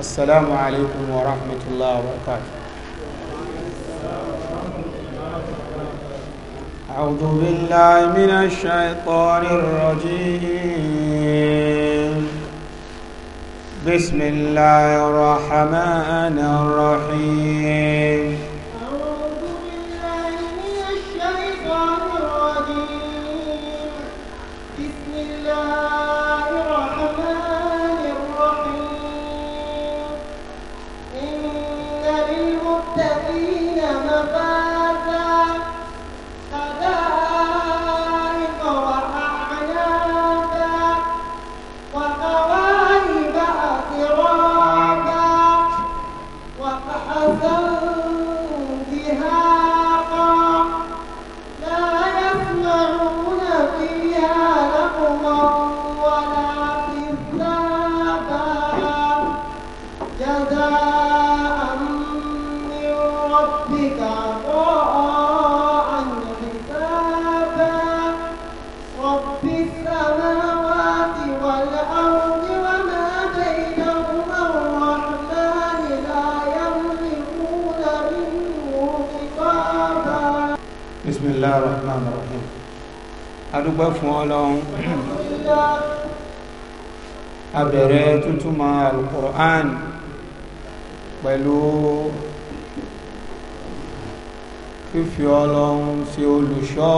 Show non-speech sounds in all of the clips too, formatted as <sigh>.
السلام عليكم ورحمة الله وبركاته أعوذ بالله من الشيطان الرجيم بسم الله الرحمن الرحيم dúpẹ́ fún ọlọ́run abẹ̀rẹ̀ tútúmọ̀ alukur'an pẹ̀lú fífi ọlọ́run sí olùṣọ́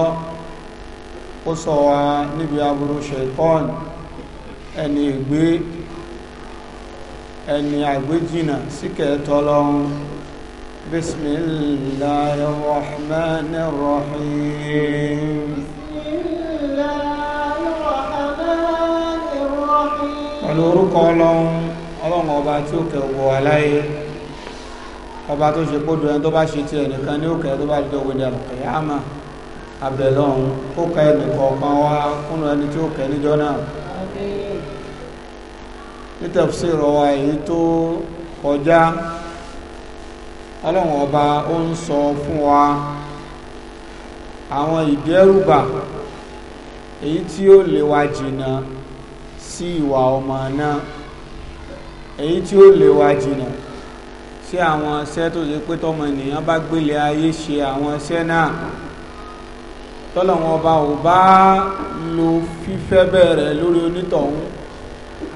ó sọ wa níbi aburú ṣẹ̀tọ́n ẹni ìgbé ẹni àgbéjìnà síkẹ̀ẹ́tọ́ ọlọ́run بسم الله الرحمن الرحيم pẹ̀lú orúkọ ọlọ́run ọlọ́run ọba tí ó kẹ wọ aláyé ọba tó ṣe kódò ẹni tó bá ṣe tiẹ̀ nìkan ní òkè tó bá jọ wẹ̀dẹ̀ àlùkẹ́ àmà àbẹ̀lọ́run ó kẹ ẹnìkọ̀ọ̀kan wá fún ẹni tí ó kẹ níjọ́ náà ní tafsir wa èyí tó kọjá ọlọ́run ọba ó ń sọ fún wa àwọn ìdẹ́rùbà èyí tí ó lè wa jìnnà sí ìwà ọmọ náà èyí tí ó lè wá jìnà sí àwọn iṣẹ́ tó ṣe pé tọmọ ènìyàn bá gbélé ayé ṣe àwọn iṣẹ́ náà tọ́lọ̀wọ́n ọba ò bá lo fífẹ́ bẹ̀rẹ̀ lórí onítọ̀hún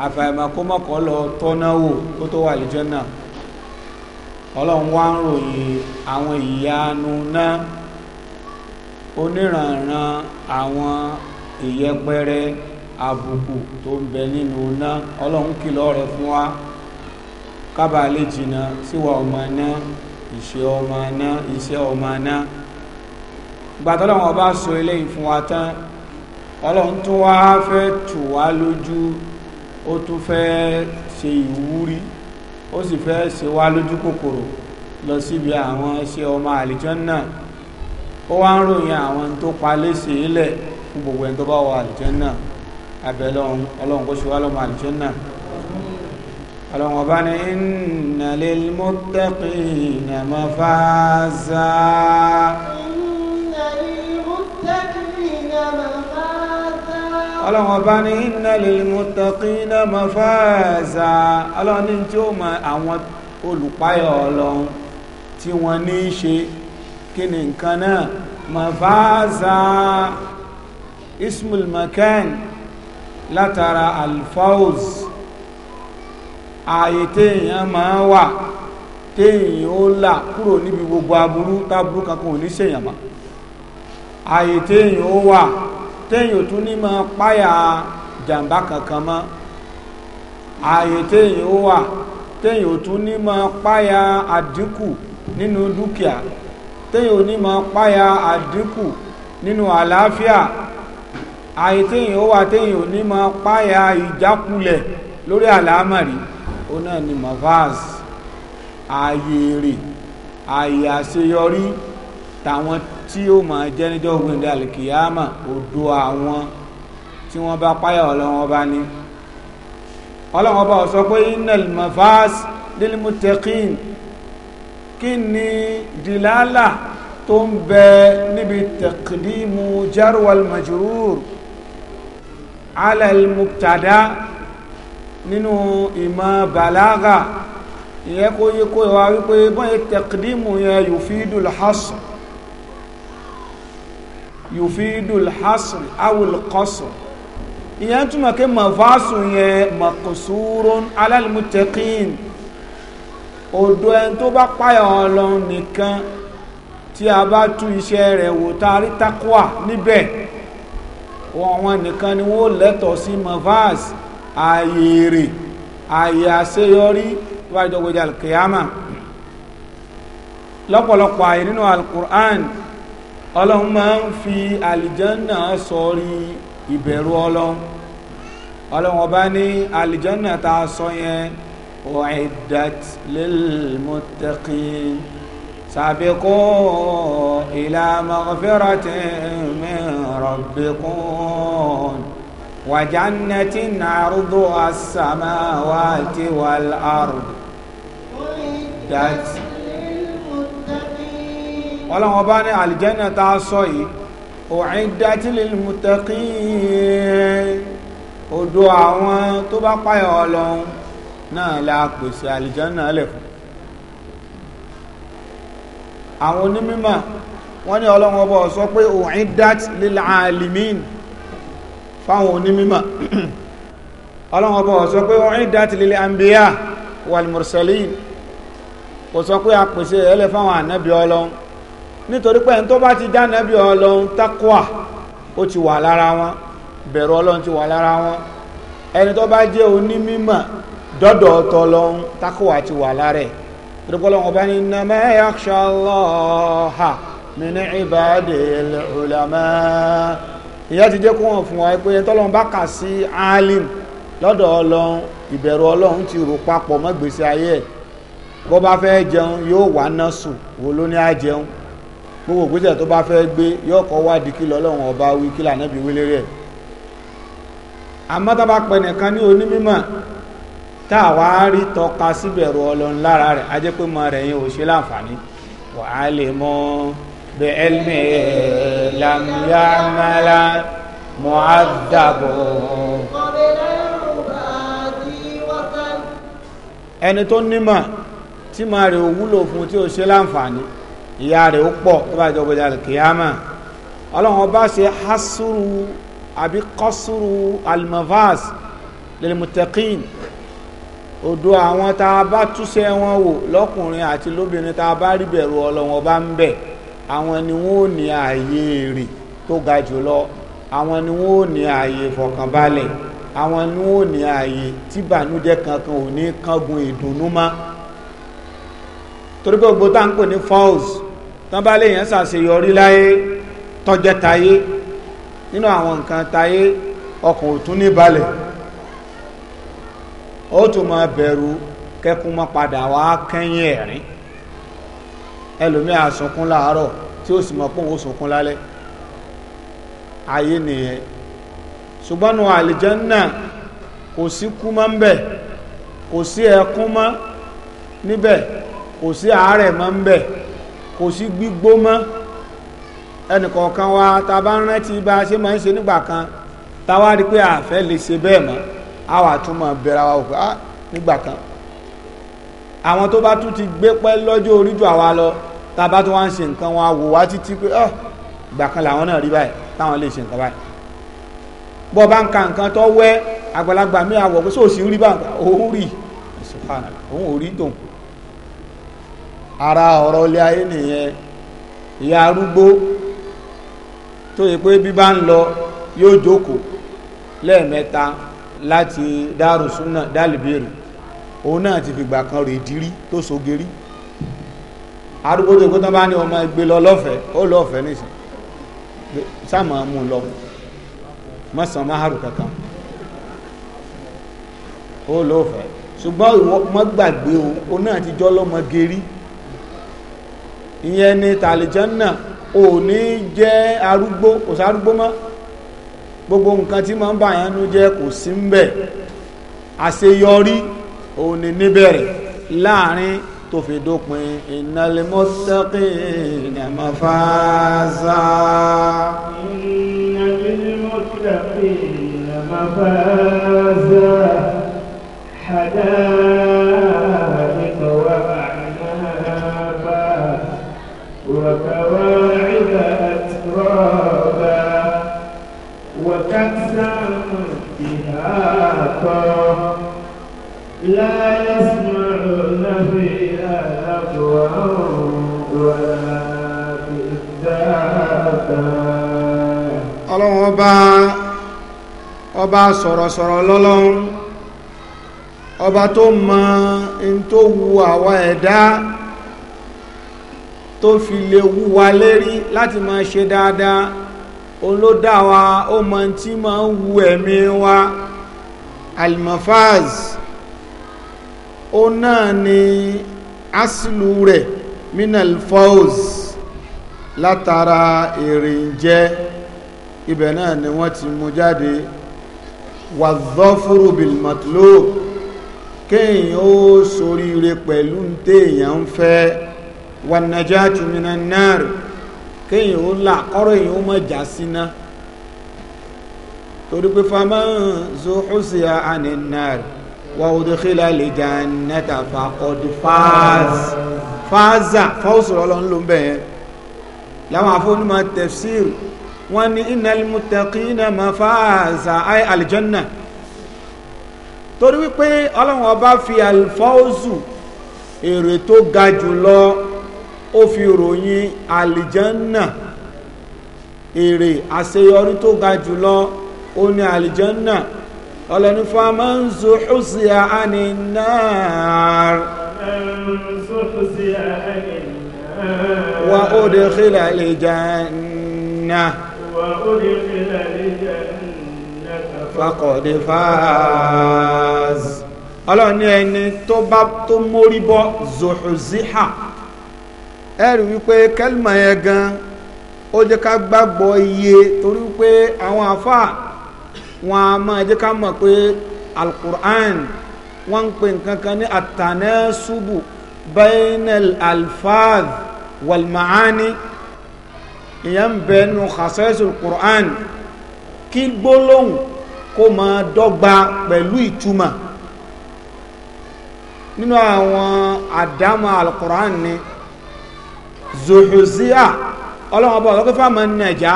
àfàìmọ̀kọ́mọ̀kọ́ lọ tọ́náwò kó tó wà lẹ́jọ́ náà ọlọ́run wá ń ròyìn àwọn ìyanu náà oníranran àwọn ìyẹpẹrẹ àbùkù tó ń bẹ nínú iná ọlọ́run kìlọ̀ rẹ̀ fún wa kábàá lè jìnnà síwà ọmọ iná ìṣe ọmọ iná iṣẹ́ ọmọ iná gbàtọ́lọ́run ọba sọ eléyìí fún wa tán ọlọ́run tún wá fẹ́ tù wá lójú ó tún fẹ́ ṣe ìwúrí ó sì fẹ́ ṣe wá lójú kòkòrò lọ síbi àwọn iṣẹ́ ọmọ àlìjọ́ náà ó wá ń ròyìn àwọn tó pa léṣe ilẹ̀ fún gbogbo ẹni tó bá wà àlìjọ́ náà abẹ́lẹ́ ọ̀hún ọlọ́run kó ṣe wá lọ́mọ àlùjànnà ọlọ́run ọba ní inna lil muttaqina mafaza. inna lil muttaqina mafaza. ọlọ́run ọba ní inna lil muttaqina mafaza ọlọ́run ní tí ó mọ àwọn olùpáyọ̀ ọlọ́run tí wọ́n ní í ṣe kí ni nǹkan náà mafaza ismul makan. látara alfaus ààyè téèyàn máa wà téèyàn ó là kúrò níbi gbogbo aburú táburú kankan ò ní ṣèyàn mọ́ ààyè téèyàn ó wà téèyàn ò tún ní ma páyà jàǹbá kankan mọ́ ààyè téèyàn ó wà téèyàn ò tún ní máa páyà àdínkù nínú dúkìá téèyàn ò ní páyà àdínkù nínú àlàáfíà àyè téyìn ó wà téyìn ò ní máa páyà ìjákulẹ̀ lórí àlámọ̀rí ó náà ni mavaz ààyè èrè ààyè àṣeyọrí tàwọn tí ó máa jẹ́ níjọ́ ògbìn dàlùkìyàmà odò àwọn tí wọ́n bá páyà ọlọ́wọ́n bá ní ọlọ́wọ́n bá sọ pé innal mavaz lilmuttaqin kí ni dìlálà tó ń bẹ níbi taqdimu jarwal majrur alal mubtada nínú ìmọ̀ balaga ìyẹ́ kó yí kó wá wípé bọ́n yí tẹ̀kìdímù yẹn yufidul hasr yufidul hasr awul qasr ìyẹn túnmọ̀ kí mọ̀fásù yẹn maqsurun alal muttaqin odò ẹni tó bá páyà Ọlọ́run nìkan tí a bá tú iṣẹ́ rẹ̀ wò tá níbẹ̀ wọn nìkan ni wọ́n lẹ́tọ̀ọ́ sí mavas ààyè èrè ààyè àṣeyọrí tó bá jọgbẹ́jà alkiyama lọ́pọ̀lọpọ̀ ààyè nínú alkur'an ọlọ́run máa ń fi àlìjánà sọrí ìbẹ̀rù ọlọ́run ọlọ́run ọba ní àlìjánà tá sọ yẹn ọ̀ẹ́dàtìlélmọ́tẹ́kìn سابقوا إلى مغفرة من ربكم وجنة عرضها السماوات والأرض ọlọ́run ọba ní àlìjẹ́nà tá a sọ yìí u'iddat lil muttaqin odò àwọn tó bá páyà ọlọ́run náà la pèsè àlìjẹ́nà lẹ̀ fún àwọn onímímọ̀ wọ́n ní ọlọ́run ọba sọ pé u'iddat lil alimin fáwọn onímímọ̀ <clears throat> ọlọ́run ọba sọ pé u'iddat lil anbiya wal mursalin kò sọ pé a pèsè ẹlẹ́ fáwọn ọlọ́run nítorí pé tó bá ti já ọlọ́run takwa ó ti wà lára wọn bẹ̀rù ọlọ́run ti wà lára wọn ẹni tó bá jẹ́ dọ́dọ̀ ọ̀tọ̀ takwa ti tìrìpọ̀lọ̀ ọba إنما يخشى الله من min العلماء ulama ìyá ti jẹ́ kó wọ́n fún wa pé tọ́lọ́n bá kà sí alim lọ́dọ̀ ọlọ́run ìbẹ̀rù ọlọ́run ti rò papọ̀ mọ́ ìgbésí ayé ẹ̀ bó bá fẹ́ jẹun yóò wá ná sùn wo ló ní á gbogbo ìgbésẹ̀ tó bá fẹ́ gbé yóò kọ́ wádìí kí lọ́lọ́run ọba wí kí lànà bí wílé rẹ̀ àmọ́ tá bá pẹ̀ nìkan ní onímọ̀ tá a wá rí tọ́ka síbẹ̀rù ọlọ́run lára rẹ̀ á jẹ́ pé mọ rẹ̀ yẹn ò ṣe láǹfààní wà á lè mọ bẹ ẹlmi lamyamala mọ á dàbọ̀. ẹni tó nímọ̀ tí mọ rẹ̀ wúlò fún tí ò ṣe láǹfààní ìyá rẹ̀ ó pọ̀ tó bá jọ gbọdọ̀ kìyàmà ọlọ́run ọba ṣe hasuru àbí kọ́sùrù almavas lil muttaqin Odo àwọn tá a bá túnṣe wọn wò lọ́kùnrin àti lóbìnrin tá a bá rí bẹ̀rù ọlọ́wọ́n bá ń bẹ̀ àwọn ni wọ́n ò ní ààyè èrè tó ga jùlọ àwọn ni wọ́n ò ní ààyè fọkànbalẹ̀ àwọn ni wọ́n ò ní ààyè tíbànújẹ́ kankan ò ní kángun ìdùnnú mọ́ torí pé gbogbo tá à ń pè ní falls tán bá léèyàn ṣàṣeyọrí láyé tọ́jẹ́ tayé nínú àwọn nǹkan tayé ọkàn ò tún ní balẹ̀ ó tún máa bẹ̀rù kẹkùn máa padà wá kẹ́yìn ẹ̀rín ẹlòmíì á sunkún láàárọ̀ tí ó sì mọ̀ pé òun sunkún lálẹ́ ayé nìyẹn ṣùgbọ́n nu àlìjànnà kò sí kú mọ́ ń bẹ̀ kò sí ẹkún mọ́ níbẹ̀ kò sí àárẹ̀ mọ́ ń bẹ̀ kò sí gbígbó mọ́ ẹnìkọ̀ọ̀kan wa ta bá ń rántí bá a ṣe máa ń ṣe nígbà kan táwa rí pé àfẹ́ lè ṣe bẹ́ẹ̀ mọ́ àwa tún máa bẹ̀rẹ̀ wa òkú ah, nígbà kan àwọn tó bá tún ti gbé pẹ́ lọ́jọ́ orí àwa lọ tá a bá tún wá ń ṣe nǹkan wọn wò wá títí pé ọ ah, ìgbà kan làwọn náà rí báyìí táwọn lè ṣe nǹkan báyìí bọ́ bá ń ka nǹkan tó wẹ́ àgbàlagbà mi àwọ̀ pé sóòsì rí bá òun rí òun ò rí dùn ara ọ̀rọ̀ ilé ayé nìyẹn ìyá arúgbó tó yẹ pé bí bá ń lọ yóò jókòó lẹ́ẹ̀mẹ́ta láti dárò súnà dálìbèrè òun náà ti fìgbà kan rè dírí tó sogeri arúgbó tó kótó bá ní ọmọ ẹgbẹ́ lọ lọ́fẹ̀ẹ́ ó lọ́fẹ̀ẹ́ nìsín sáàmù mú lọ mọ́sàn-án máhàrù kankan ó lọ́fẹ̀ẹ́ ṣùgbọ́n ìwọ́n gbàgbé o ó náà ti jọ́ lọ́mọ geri ìyẹn ni tàlìjọ́ náà ò ní jẹ́ arúgbó kò sárúgbó mọ́ gbogbo nǹkan tí máa ń bàyàn nú jẹ́ kò sí ń bẹ̀ àṣeyọrí òun ni níbẹ̀rẹ̀ láàrin tó fi dópin innal muttaqina mafaza. innal muttaqina mafaza حدائق إناقا لا يسمعون فيها لغوا ولا إثاثا ọlọ́run ọba ọba sọ̀rọ̀sọ̀rọ̀ lọ́lọ́run ọba tó mọ in tó wu àwa ẹ̀dá tó fi lè wú lérí láti máa ṣe dáadáa òun ló dá wa ó mọ tí máa ń wu ẹ̀mí wa almafaz ó náà ni asìlú rẹ̀ minal fawz látara èrìǹjẹ ibẹ̀ náà ni wọ́n ti mú jáde wàzọ́fúrú bilmatlo kéèyàn ó soríire pẹ̀lú téèyàn ń fẹ́ wànájá tùmínà náà kéèyàn ó là kọ́rọ̀ èèyàn ó mọ̀ já síná torí pé faman zuhziha anin nar wa udkhila al-jannata faqad faz fáza fáwọ́sù ọlọ́run ló ń bẹ̀ yẹn láwọn afọ́nimọ̀ tafsir wọ́n ní innal muttaqina mafaza ay aljanna torí wípé ọlọ́run ọba fi alfáwọ́sù èrè tó ga jù lọ ó fi ròyìn àlìjánà èrè àṣeyọrí tó ga jùlọ ó ní àlìjánà ọlẹ́ni famanzu husia ani nar wa udkhila aljanna wa udkhila aljanna faqad faz ọlọ́ni ẹni tó bá tó mórí bọ́ zuhuziha ẹ̀rí wípé kẹ́lìmọ̀ yẹn gan ó jẹ́ ká gbàgbọ́ iye torí wípé àwọn àfà wọn a máa jẹ́ ká mọ̀ pé alukur'an wọ́n ń pè nǹkan kan ní atanẹ́sùbù bainal alfaz walmaani ìyẹn ń bẹ nínú khasaisul qur'an kí gbólóhùn kó máa dọ́gba pẹ̀lú ìtumọ̀ nínú àwọn àdámọ̀ alukur'an ni zuhuzia ọlọ́run ọba ọ̀sọ́ pé fáwọn nàìjà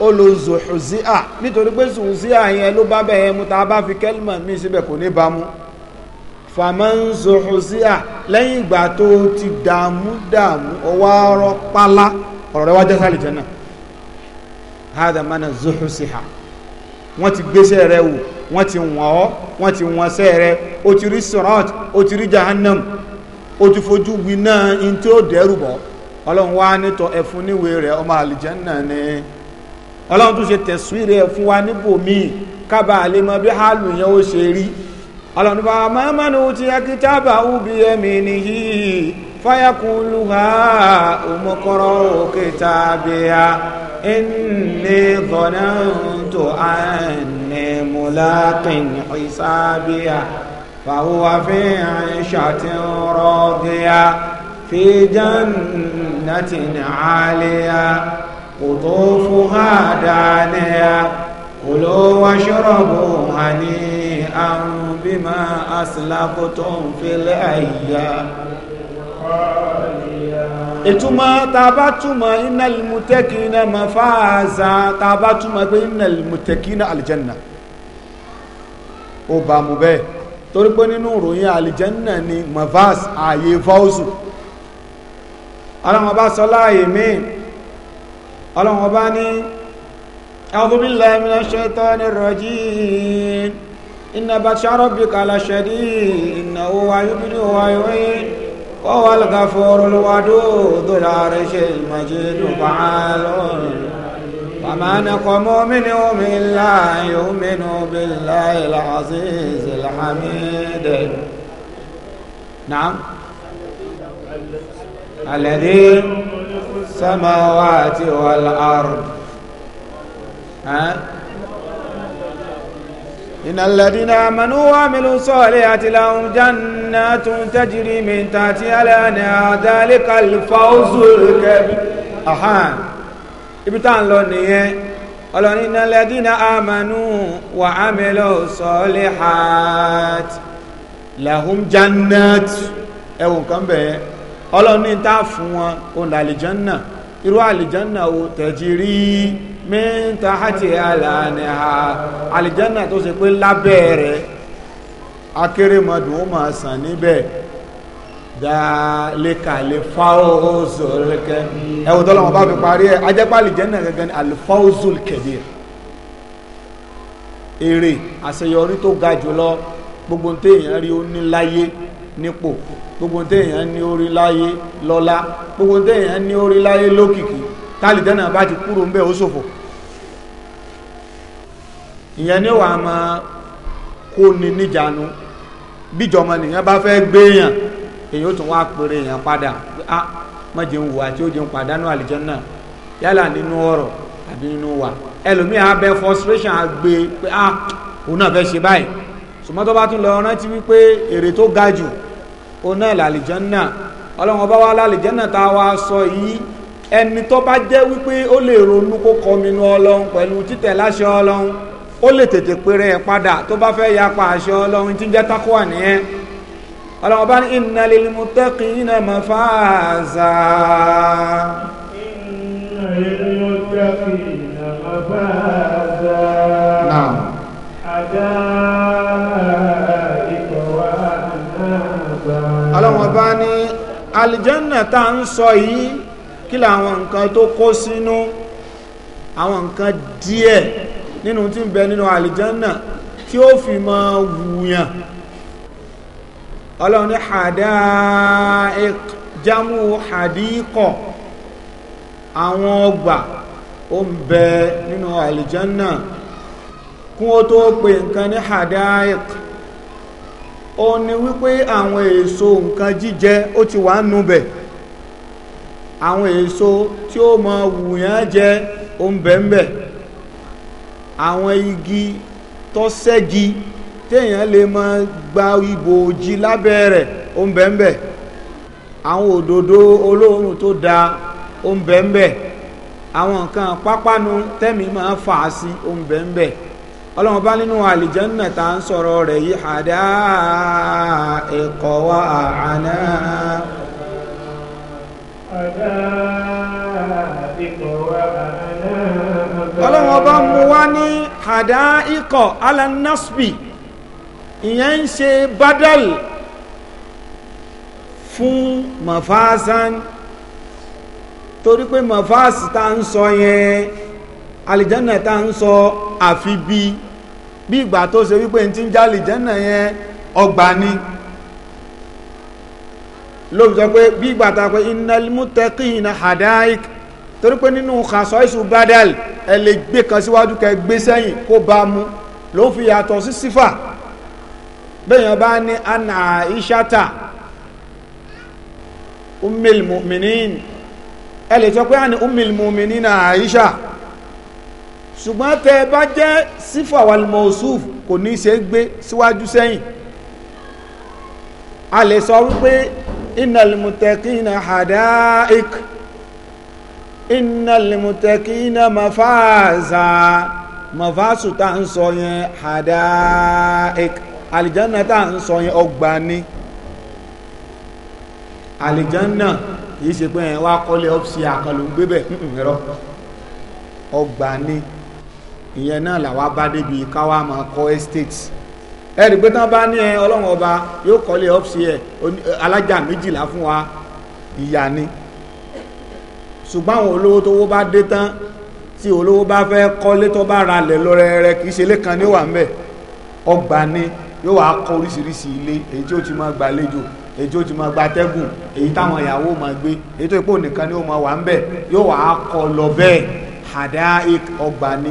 ó lo zuhuzia nítorí pé zuhuzia yẹn ló bá bẹ́ẹ̀ mu tá a bá fi kẹ́lìmọ̀ mí síbẹ̀ kò ní bámu fàmọ́ ń zuhuzia lẹ́yìn ìgbà tó ti dààmú dààmú ọwọ́ arọ́ pálá ọ̀rọ̀ rẹ wá jẹ́ sálì jẹ́ náà hada mana zuhusiha wọ́n ti gbéṣẹ́ rẹ wò wọ́n ti wọ̀n ọ́ wọ́n ti wọ̀n sẹ́ rẹ ti rí sirat o ti rí jahannam ó ti fojú winá in tí ó dẹ́rùbọ̀ ọlọ́run wá nítọ́ ẹ̀fún níwèé rẹ̀ ọmọ àlìjẹ́nà ni ọlọ́run tó ṣe tẹ̀sùn rẹ̀ fún wa níbòmíì kábà mọ bí hálù yẹn ó ṣe rí ọlọ́run bá mọ́mọ́nù ti akitaba ubi ẹ̀mí nìyí fáyàkùlù ha òmùkọ́rọ̀ òkè ha ẹni tó فهو في عيشة راضية في جنة عالية قطوفها دانية كلوا واشربوا هنيئا بما أسلفتم في الأيام ìtumọ̀ tabatumọ̀ iná ilmutekina mafaza tabatumọ̀ pé iná ilmutekina aljanna ó bá mu bẹ́ẹ̀ torí pé nínú ìròyìn àlìjẹ́nà ni mavas ààyè fọ́ọ̀sù ọlọ́wọ́n bá sọ láàyè míì ọlọ́wọ́n bá ní a'udhu billahi minash shaitanir rajim inna batsha rabbika lashadid innahu huwa yubdi wa yu'id wa huwal ghafurul وما نقموا منهم إلا يؤمن يؤمنوا بالله العزيز الحميد نعم الذي السماوات والأرض ها إن الذين آمنوا وعملوا الصالحات لهم جنات تجري من تحتها الأنهار ذلك الفوز الكبير أحان ibi tá à ń lọ nìyẹn ọlọ́ni nàlẹ́dínà àmànú wà ámẹ́lẹ́ sọ́ọ́lẹ́ hàt lahum jannat ẹ̀wọ̀n kan bẹ́ẹ̀ ọlọ́ni tá a fún wọn òun làlìjánná irú àlìjánná o tẹ̀jì rí mẹ́ta àti àlànà àlìjánná tó ṣe pé lábẹ́ rẹ̀ akérèmọdùn ó máa sàn níbẹ̀ dàlíkà lè fáwọ́sù lẹ́kẹ́ ẹ̀wọ̀n tó lọ́wọ́ bá fi parí ẹ̀ ajẹ́pàlì jẹ́nà gẹ́gẹ́ ní alifáwọ́sù kẹ̀dẹ̀ èrè àṣeyọrí tó ga jùlọ gbogbo tí èèyàn rí ó ní láyé nípò gbogbo tí èèyàn ní orí láyé lọ́lá gbogbo tí èèyàn ní orí láyé lókìkí tálì jẹ́nà bá ti kúrò ń bẹ̀ ó ṣòfò ìyẹn ní wàá máa kó ni níjànú bíjọmọ nìyẹn bá fẹ́ gbéyàn èyí ó tún wá pèrè èèyàn padà ah má jẹun wò àti ó jẹun pàdánù àlìjànnà yálà nínú ọ̀rọ̀ àbí nínú wa ẹlòmíì abẹ frustration àgbè pé ah òun náà fẹ́ ṣe báyìí ṣùgbọ́n tó bá tún lọ rántí wípé èrè tó ga jù òun náà làlìjànnà ọlọ́run ọba wa làlìjànnà tá a wá sọ yìí ẹni tó bá jẹ́ wípé ó lè ronú kó kọminú ọlọ́run pẹ̀lú títẹ̀ láṣẹ ọlọ́run ó lè tètè péré ẹ̀ padà tó bá fẹ́ yapa àṣẹ ọlọ́run tí ń jẹ́ tákùwà nìyẹn ọlọ́wọ́n bá ní inna lil muttaqina mafaza. inna lil muttaqina mafaza. náà. àdá ìkọ̀wá náà. ọlọ́wọ́n bá ní alìjẹ́nà tá à ń sọ yìí kí làwọn nǹkan tó kó sínú àwọn nǹkan díẹ̀ nínú tí ń bẹ nínú alìjẹ́nà tí ó fi máa wùyàn. ọlọ́run ní hadaiq jamu hadiqọ àwọn ọgbà ó ń bẹ nínú àlìjánà kún ó tó pè nǹkan ní hadaiq ó ní wípé àwọn èso nǹkan jíjẹ ó ti wà nù bẹ̀ àwọn èso tí ó mọ wùyàn jẹ ó ń bẹ ń bẹ àwọn igi tó ṣẹ́gi téèyàn lè mọ gba ibòji lábẹ́ rẹ̀ ó ń àwọn òdòdó tó da ó ń àwọn nǹkan pápánu tẹ́mi máa fà á sí ó ń ọlọ́run bá nínú àlìjẹ́nà tá à ń sọ̀rọ̀ rẹ̀ yìí àdá ẹ̀kọ́ wa àná. ọlọ́run ọba mú ìyẹn ń ṣe badal fún mafasan torí pé mafas tá ń sọ yẹn alìjẹ́nà tá ń sọ àfi bí bí ìgbà tó ṣe wípé ní ti ń já alìjẹ́nà yẹn ọgbà ni lóbi sọ pé bí ìgbà tá a pé innal muttaqina hadaik torí pé nínú kàṣọ ìṣù badal ẹ lè gbé kan síwájú kẹ gbé sẹ́yìn kó bá mu ló fi yàtọ̀ sí sífà bẹ́yàn bá ní anna aishata umil mu'minin ẹ lè sọ pé àní umil mu'minin na aisha ṣùgbọ́n tẹ bá jẹ́ sífà wal mawsuf kò ní ṣe gbé síwájú sẹ́yìn a lè sọ wípé innal hadaik innal mafaza mafasu ń sọ yẹn hadaik àlìjánà tá à ń sọ yẹn ọgbà ni àlìjánà kìí ṣe pé ẹ̀wà kọ́lé ọ́fíìsì àkànlò ń gbébẹ̀ ẹ̀rọ ọgbà ni ìyẹn náà làwa bá débi káwa máa kọ́ estate ẹ̀rì pé tán bá ní ẹ ọlọ́run ọba yóò kọ́lé ọ́fíìsì ẹ̀ alájà méjìlá fún wa ìyà ni ṣùgbọ́n àwọn olówó tó wó bá dé tán tí olówó bá fẹ́ kọ́lé tó bá ra lẹ̀ lọ rẹ̀ rẹ̀ kìí ṣe lé kan ní wà ń bẹ̀ ọgbà ni yóò wá kọ́ oríṣiríṣi ilé èyí tí ó ti máa gbàlejò èyí tí ó ti máa gbatẹ́gùn èyí táwọn ìyàwó máa gbé èyí tó ipò nìkan ni ó máa wà ń bẹ̀ yóò wá kọ́ lọ bẹ́ẹ̀ hadaik ọgbà ni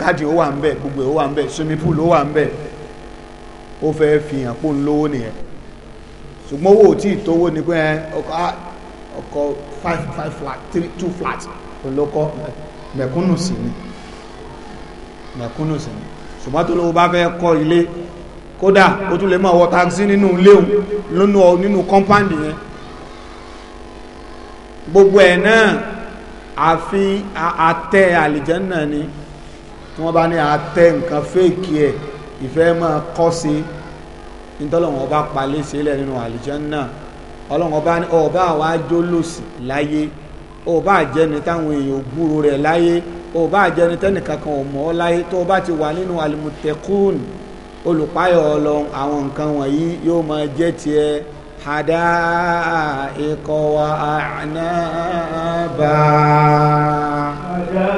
gáàdì ó wà ń bẹ̀ gbogbo ó wà ń bẹ̀ swimming pool wà ń bẹ̀ ó fẹ́ fi hàn pò ń lówó nìyẹn ṣùgbọ́n owó tí ìtòwó ni pé ọkọ̀ five five flat three two flat olókọ́ mẹ̀kúnnù sí ni mẹ̀kúnnù sí ni ṣùgbọ́n tó lówó bá fẹ́ kọ́ ilé kódà ó tún lè máa wọ taxi nínú léun lónú nínú compound yẹn gbogbo ẹ̀ náà àfi àtẹ àlìjẹ́nà ni tí wọ́n bá ní àtẹ nǹkan fèèkì ẹ̀ ìfẹ́ máa kọ́ sí nítọ́lọ́wọ́n bá palẹ̀ sílẹ̀ nínú àlìjẹ́nà ọlọ́wọ́n bá ní ọba àwa jólòsì láyé ọba àjẹni táwọn èèyàn gbúrò rẹ̀ láyé ọba àjẹni tẹ́nìkankan ò mọ̀ ọ́ láyé tó bá ti wà nínú àlìmùtẹ́kùnù olùpáyọ̀ ọlọ́run àwọn nǹkan wọ̀nyí yóò máa jẹ́ tiẹ̀ hada ikọ̀ wa ànábà. hada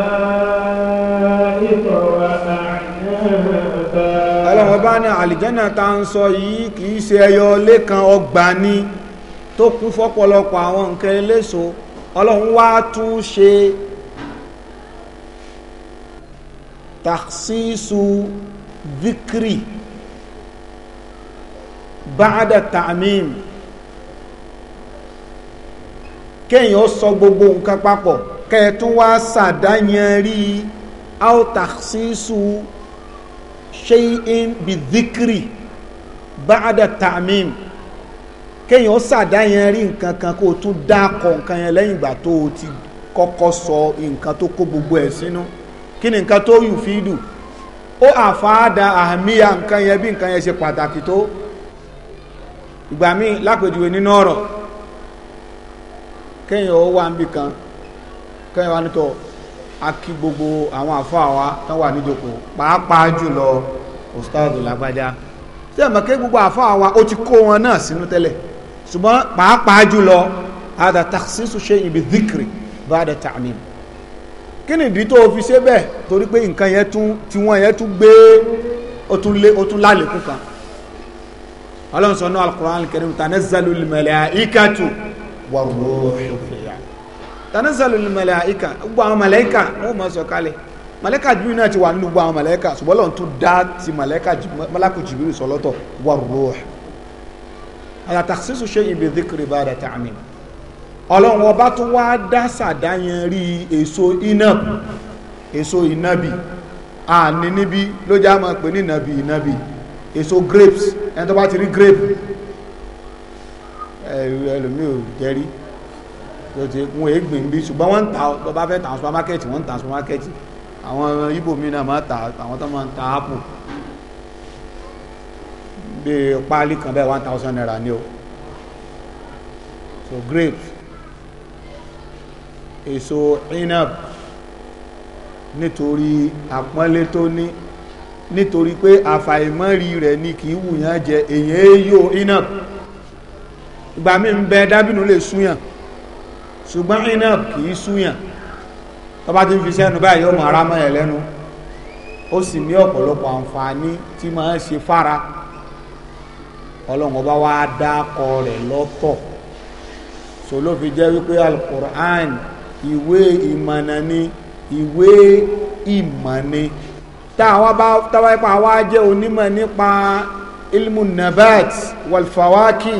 ikọ̀ wa ànábà. ọlọ́run bá ní àlìjẹ́nà tá ń sọ yìí kì í ṣe ẹyọ lẹ́kan ọgbà ni tó kún fọ́pọ̀lọpọ̀ àwọn nǹkan eléso ọlọ́run wá tún ṣe taksisu dhikri ba'da ta'mim kéèyàn ó sọ gbogbo nǹkan papọ̀ kẹ́ẹ̀tún wá sàdáyanrí autaxísù ṣeyin bi dhikri ba'da ta'mim kéèyàn ó sàdáyanrí nǹkan kan kó o tún dákọ̀ nǹkan yẹn lẹ́yìn ìgbà tó o ti kọ́kọ́ sọ nǹkan tó kó gbogbo ẹ̀ sínú kí ni nǹkan tó yù fi dùn ó àfáàdà àmìyà nǹkan yẹn bí nǹkan yẹn ṣe pàtàkì tó ìgbà míì lápèjúwe nínú ọ̀rọ̀ kẹ́yìn ó wà níbi kan kẹ́yìn wà nítọ̀ akí gbogbo àwọn àfáà wa tán wà níjókòó pàápàá jùlọ ustaadu lágbájá tí ẹ̀mọ̀ kí gbogbo àfáà wa ó ti kó wọn náà sínú tẹ́lẹ̀ ṣùgbọ́n pàápàá jùlọ ada takhsisu shay'in bi dhikri ba'da kí ni ìdí tó o fi ṣe bẹ́ẹ̀ torí pé nǹkan yẹn tún tí wọ́n yẹn tún gbé ó tún lé ó tún lálẹ́kùn kan ọlọ́run sọ náà alukur'an kẹrin tanazzalu al-mala'ikatu war-ruhu fiha tanazzalu al-mala'ika gbogbo àwọn màláíkà wọ́n mọ̀ sọ̀kalẹ̀ màláíkà Jibril náà ti wà nínú gbogbo àwọn màláíkà ṣùgbọ́n tún dá ti màláíkà malakul Jibril sọ̀lọ́tọ̀ war-ruh ala takhsisu shay'in bi dhikri ba'da ta'mim ọlọ́run ọba tó wá dá sàdáyẹn rí èso inab èso inabi àní níbi ló já máa pè ní ìnàbì ìnàbì èso grapes ẹni tó bá ti rí grape ẹlòmí ò jẹ́rí tó ti mú ègbìn bí ṣùgbọ́n wọ́n ń ta tó bá fẹ́ ta supermarket wọ́n ń ta supermarket àwọn ibo mi náà máa ta àwọn tó máa ń ta apple bí páálí kan bẹ́ẹ̀ one thousand naira ni o so grapes èso inab nítorí àpọ́nlé tó ní nítorí pé àfàìmọ́rí rẹ̀ ní kìí wùyàn jẹ èyàn èyò inab ìgbà mí ń bẹ dábìnú lè súyàn ṣùgbọ́n inab kìí súyàn tó bá ti ń fi sẹ́nu báyìí yóò mọ̀ ara mọ́ ẹ̀ lẹ́nu ó sì ní ọ̀pọ̀lọpọ̀ àǹfààní tí máa ń ṣe fára ọlọ́run ọba wa dákọ rẹ̀ lọ́tọ̀ so ló fi jẹ́ wípé alukur'an ìwé ìmọ̀nà ni ìwé ìmọ̀ ni táwa bá táwa ipa wa jẹ́ onímọ̀ nípa ilmu nabat walfawaki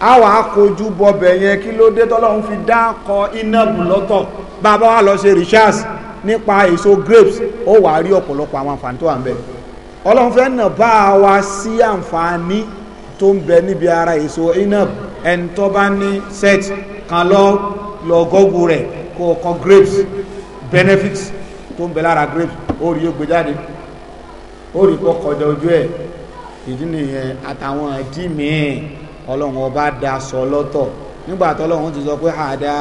a wà kojú bọbẹ̀ yẹn kí ló dé tọ́lọ́run fi dákọ inabu lọ́tọ̀ bàbá wa lọ ṣe research nípa èso grapes ó wà rí ọ̀pọ̀lọpọ̀ àwọn àǹfààní tó wà ń bẹ ọlọ́run fẹ́ nà bá wa sí àǹfààní tó ń bẹ níbi ara èso inabu ẹni tó bá ní set kan lọ lọ gọ́gù rẹ̀ kó o kan grapes benefits tó ń bẹ lára grapes ó rí ó gbé jáde ó rí kó kọjá ojú ẹ̀ ìdí nìyẹn àtàwọn ẹ̀dí míì ọlọ́run ọba da sọ lọ́tọ̀ nígbà tọ́lọ́run ti sọ pé àdá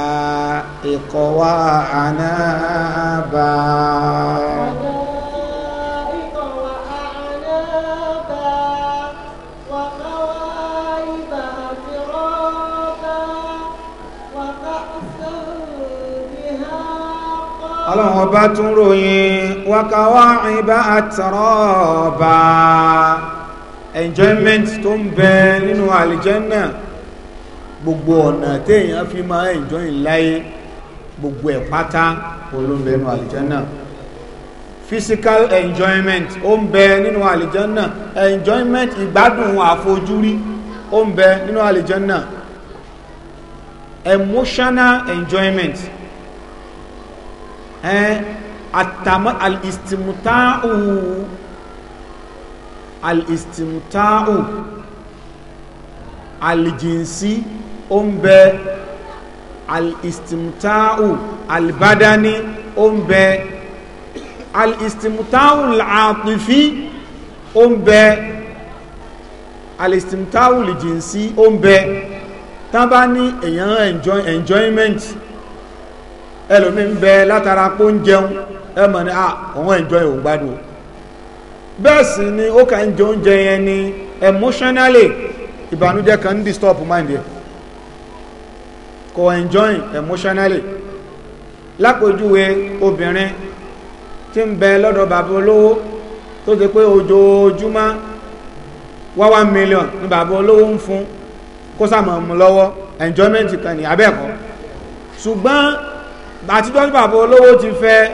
ìkọ̀wá ànábàá. ọlọ́run ọba tún ròyìn wákàwá ìbá àtàrọ́ọ̀bà enjoyment tó ń bẹ nínú àlìjẹ́nà gbogbo ọ̀nà téèyàn fi máa enjoy láyé gbogbo ẹ̀ pátá olóńbẹ nínú àlìjẹ́nà physical enjoyment ó ń bẹ nínú àlìjẹ́nà enjoyment ìgbádùn àfojúrí ó ń bẹ nínú àlìjẹ́nà emotional enjoyment ẹn atama alistimutau alistimutau alijinsi ó ń bẹ alistimutau albadani ó ń bẹ alistimutau alatifi ó ń bẹ alistimutau alijinsi ó ń bẹ tá a bá enjoyment ẹlòmí ń bẹ látara pó ń jẹun ẹ mọ̀ ní àwọn enjoy òun gbádùn bẹ́ẹ̀ sì ni ó kà ń jẹ oúnjẹ yẹn ni emotionally ìbànújẹ́ kan ń disturb mind yẹn kò enjoy emotionally lápòjúwe obìnrin tí ń bẹ lọ́dọ̀ bàbá olówó tó ti pé ojoojúmọ́ wá one million ní bàbá olówó ń fún kó sàmọ̀ mú lọ́wọ́ enjoyment kan ní abẹ́ẹ̀kọ́ ṣùgbọ́n àtijọ́ tí bàbá olówó ti fẹ́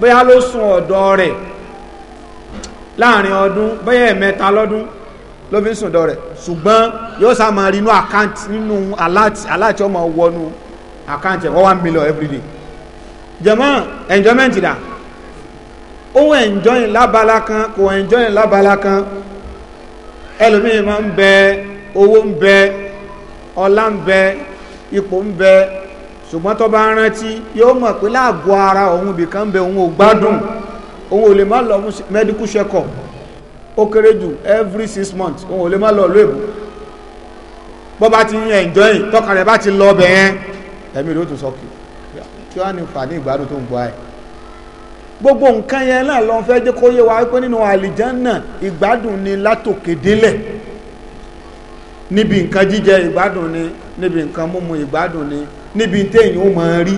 bóyá ló sùn ọ̀dọ̀ rẹ̀ láàrin ọdún bóyá ẹ̀mẹ́ta lọ́dún ló fi ń sùn ọ̀dọ̀ rẹ̀ ṣùgbọ́n yóò sá máa rí inú àkáǹtì nínú aláàtì ọmọ wọnú àkáǹtì ẹ̀ one million every day jẹ̀mọ́ enjoyment dà ó enjoy lábala kan kò enjoy lábala kan ẹlòmíì máa ń bẹ owó ń bẹ ọlá ń bẹ ipò ń bẹ ṣùgbọ́n tó bá ń rántí yóò mọ̀ pé láàgọ́ ara òun bìkan bẹ òun ò gbádùn òun ò lè má lọ medical check up ó kéré jù every six months òun ò lè má lọ lóèbù bó bá ti ń enjoy tọ́ka rẹ̀ bá ti lọ ọbẹ̀ yẹn ẹ̀mí ló tún sọ kí kí wọ́n á ní fà ní ìgbádùn tó ń bọ́ ẹ̀ gbogbo nǹkan yẹn náà lọ fẹ́ jẹ́ kó yé wa pé nínú àlìjánà ìgbádùn ni látòkè délẹ̀ níbi nǹkan jíjẹ ìgbádùn ni níbi nǹkan múmu ìgbádùn ni níbi téèyàn ó mọ̀ rí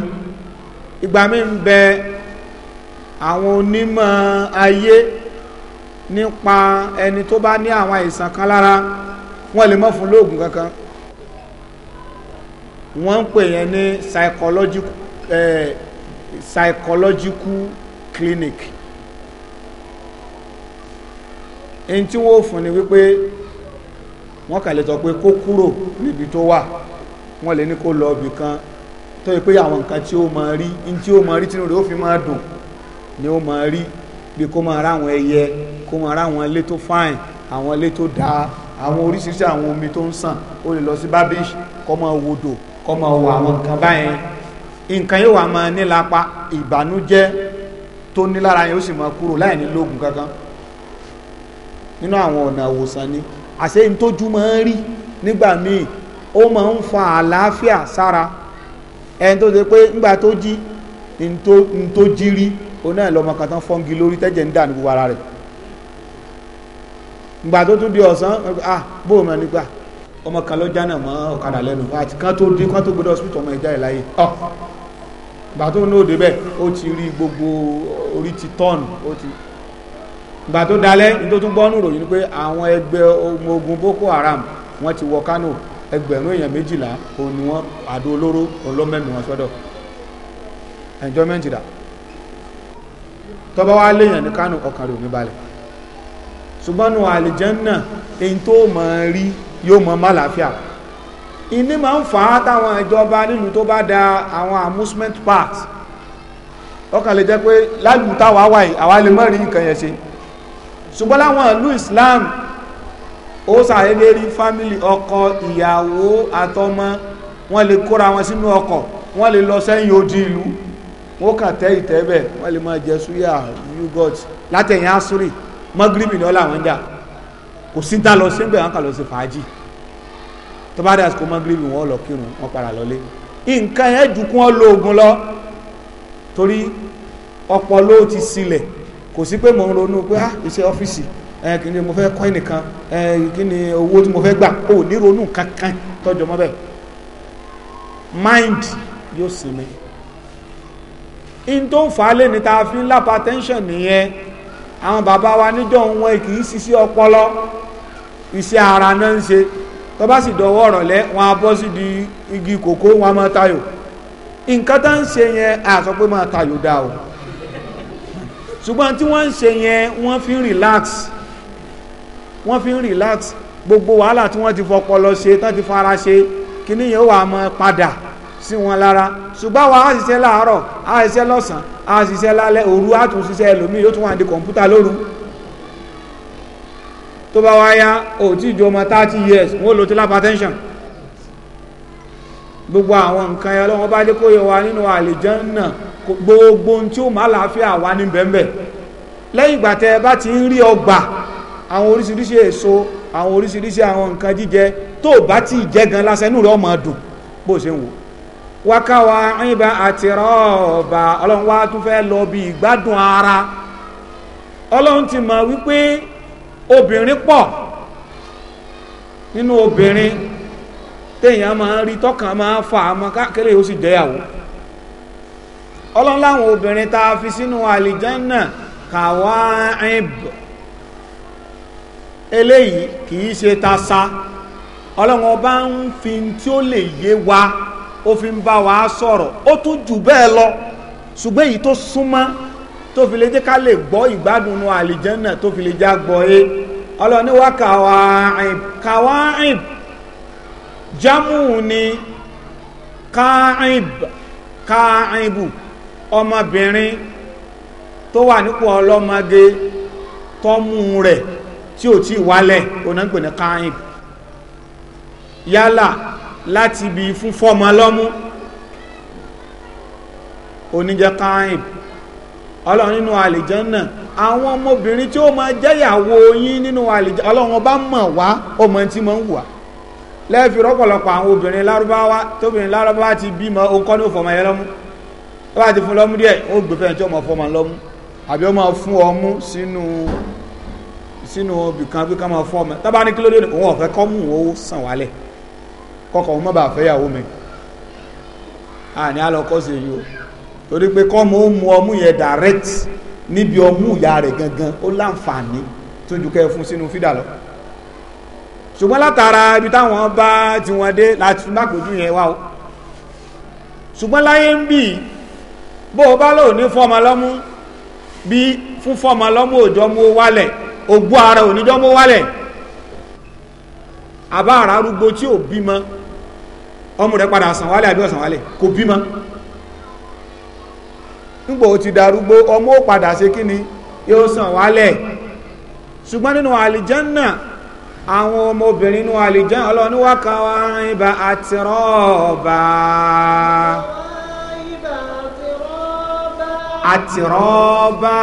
ìgbà mi ń bẹ àwọn onímọ̀ ayé nípa ẹni tó bá ní àwọn àìsàn kan lára wọ́n lè má fún lóògùn kankan wọ́n ń pè yẹn ní psychological clinic ẹni tí wọ́n fún ni wípé wọ́n kà lè sọ pé kó kúrò níbi tó wà wọ́n lè ní kó lọ ibì kan tó yẹ pé àwọn nǹkan tí ó máa rí ní tí ó máa rí tínú rẹ̀ ó fi máa dùn ni ó máa rí bí kó máa ráwọn ẹyẹ kó máa ráwọn ilé tó fáìn àwọn ilé tó dáa àwọn oríṣiríṣi àwọn omi tó ń sàn ó lè lọ sí babish kó máa wodò kó máa wo àwọn nǹkan báyẹn nǹkan yóò wá máa nílapa ìbànújẹ́ tó ní lára yẹn ó sì máa kúrò láì ní lóògùn kankan nínú àwọn ọ̀nà àwòsàn ni àṣẹ ìtójú máa ń rí nígbà míì ó ma ń fa àlàáfíà sára ẹni tó ṣe pé ńgbà tó jí ní tó jí rí oná ẹ̀ lọ́mọ kan tán fọ́ngi lórí tẹ́jẹ̀ ń dà ní gbogbo ara rẹ̀ ńgbà tó tún di ọ̀sán ah bó mọ̀ nígbà ọmọ kan ló jánà mọ́ ọ̀kadà lẹ́nu àti kan tó dín kan tó gbọdọ̀ hospital ọmọ ìjà ìláyé ọ̀ gbà tó ní òde bẹ́ẹ̀ ó ti rí gbogbo orí ti tọ́ọ̀nù ó ti gbà tó dalẹ́ ní tó tún ròyìn pé àwọn ẹgbẹ́ ogun Boko Haram wọ́n ti wọ Kano ẹgbẹ̀rún èèyàn méjìlá òun ni wọ́n àdó olóró òun ló mẹ́nu wọn sọ́dọ̀ enjoyment dà tọ́ba wá léèyàn ní kánò ọkàn rẹ̀ ò ní balẹ̀ ṣùgbọ́n nù àlìjẹ́nnà èyí tó mọ̀ rí yóò mọ̀ má làáfíà ìní máa ń fà á táwọn ìjọba nílùú tó bá da àwọn amusement parks ọkàn lè jẹ́ pé lálùú táwa wà yìí àwa lè mọ̀ ṣùgbọ́n láwọn ìlú Islam ó sàrédé rí fámìlì ọkọ ìyàwó àtọmọ wọ́n lè kóra wọn sínú ọkọ̀ wọ́n lè lọ sẹ́yìn odi ìlú wọ́n kàn tẹ́ ìtẹ́bẹ̀ wọ́n lè máa jẹ súyà yúgọ̀t látẹ̀yìn asúrì mọ́gírìmì lọ́la àwọn jà kò sí dá lọ síbẹ̀ wọ́n kà lọ sí fàájì tó bá dà kó mọ́gírìmì wọ́n lọ kírun wọ́n padà lọlé nǹkan yẹn jù kún ọ lo oògùn lọ torí ọpọlọ ti sílẹ̀ kò sí pé mò ń ronú pé ah iṣẹ́ ọ́fíìsì ẹ mo fẹ́ kọ́ ẹnìkan ẹ kí owó tí mo fẹ́ gbà ó ní ronú kankan tọ́jọ́ mọ́ mind yóò sinmi in tó ń fà á lé ní ta fi ń lápá tẹ́ńṣọ̀n nìyẹn àwọn bàbá wa níjọ́ wọn kì í ṣiṣẹ́ ọpọlọ iṣẹ́ ara náà ń ṣe tó bá sì dọwọ́ ọ̀rọ̀ lẹ́ wọn abọ́ sí di igi kòkó wọn máa tayò nǹkan tá ń ṣe yẹn àsọ pé máa tayò dá o ṣùgbọ́n tí wọ́n ń ṣe yẹn wọ́n fi ń relax wọ́n fi ń relax gbogbo wàhálà tí wọ́n ti fọpọlọ ṣe tán ti fara ṣe kíní yẹn ó wà mọ́ padà sí wọn lára ṣùgbọ́n wa á ṣiṣẹ́ láàárọ̀ á ṣiṣẹ́ lọ́sàn-án á ṣiṣẹ́ lálẹ́ òru á tún ṣiṣẹ́ ẹlòmíì yóò tún wà ní kọ̀ǹpútà lóru tó bá wá yá ò tí ìjọ ọmọ thirty years wọ́n lò ti lápá tension gbogbo àwọn nǹkan ẹ lọ́wọ́ bá dé kó yẹ wa nínú àlìjànnà gbogbo ohun tí ó má láàfíà wà ní bẹ́ẹ̀ bẹ́ẹ̀ lẹ́yìn ìgbà tẹ́ ẹ bá ti ń rí ọgbà àwọn oríṣiríṣi èso àwọn oríṣiríṣi àwọn nǹkan jíjẹ tó bá ti jẹ gan lásán inú rẹ ọmọ dùn bó ṣe ń wò wákàwá ìbá àti rọ́ọ̀bà ọlọ́run wá tún fẹ́ lọ bí ìgbádùn ara ọlọ́run ti mọ̀ wípé obìnrin pọ̀ nínú obìnrin téèyàn máa ń rí tọkàn máa ń fa àmọ́ káàkiri ó sì jẹyàwó ọlọ́run láwọn obìnrin tá a fi sínú àlìjánná kàwá ìbá eléyìí kì í ṣe ta sa ọlọ́run ọba ń fi tí ó lè yé wa ó fi ń bá wa sọ̀rọ̀ ó tún jù bẹ́ẹ̀ lọ ṣùgbọ́n èyí tó súnmọ́ tó fi lè jẹ́ ká lè gbọ́ ìgbádùn nu àlìjẹ́nà tó fi lè já gbọ́ e ọlọ́ni wa kàwáìb kàwáìb jámù ni káàìb káàìbù ọmọbìnrin tó wà nípò ọlọ́mọge tọ́mú rẹ̀ tí ò tí wálẹ̀ onáńpẹ̀ ní káyìn yálà láti bí fún fọ́mọ lọ́mú oníjẹ́ káyìn ọlọ́run nínú àlìjánà àwọn ọmọbìnrin tí ó máa jẹ́yàwó yín nínú àlìjánà ọlọ́run ọba mọ̀ wá ọmọ tí mọ̀ ń wà lẹ́ẹ̀fi rọ́pọ̀lọpọ̀ àwọn obìnrin lárúbáwá tóbìnrin lárúbáwá ti bímọ okọ́ ní òfòmọ̀ yẹn lọ́mú sínú ibìkan bí ká máa fọ́ ọmọ tábà ní kí ló dé òun ọ̀fẹ́ kọ́ mú owó sàn wálẹ̀ kọ́kọ́ òun má bàa fẹ́yàwó mi àní alọ́kọ́ sí èyí o torí pé kọ́ mọ́ ó ọmú yẹn direct níbi ọmú ìyá rẹ̀ gangan ó láǹfààní tó ju kẹ́ fún sínú fídà lọ ṣùgbọ́n látara ibi táwọn bá ti wọn dé láti fún lápòjú yẹn wá o ṣùgbọ́n láyé ń bì bó o bá lò ní fọ́mọ lọ́mú bí fún fọ́mọ lọ́mú òjò mú ó wálẹ̀ ògbó ara oníjọ́ mú wálẹ̀ àbá ara arúgbó tí ò bímọ ọmọ rẹ̀ padà sàn wálẹ̀ àbí ọ̀sàn wálẹ̀ kò bímọ nígbà ti darúgbó ọmọ ó padà ṣe kí ni yóò sàn wálẹ̀ ṣùgbọ́n nínú àlìjánà àwọn ọmọbìnrin nínú àlìjánà ọlọ́niwákà ọ̀rìn ibà àti rọ́ọ̀bà àti rọ́ọ̀bà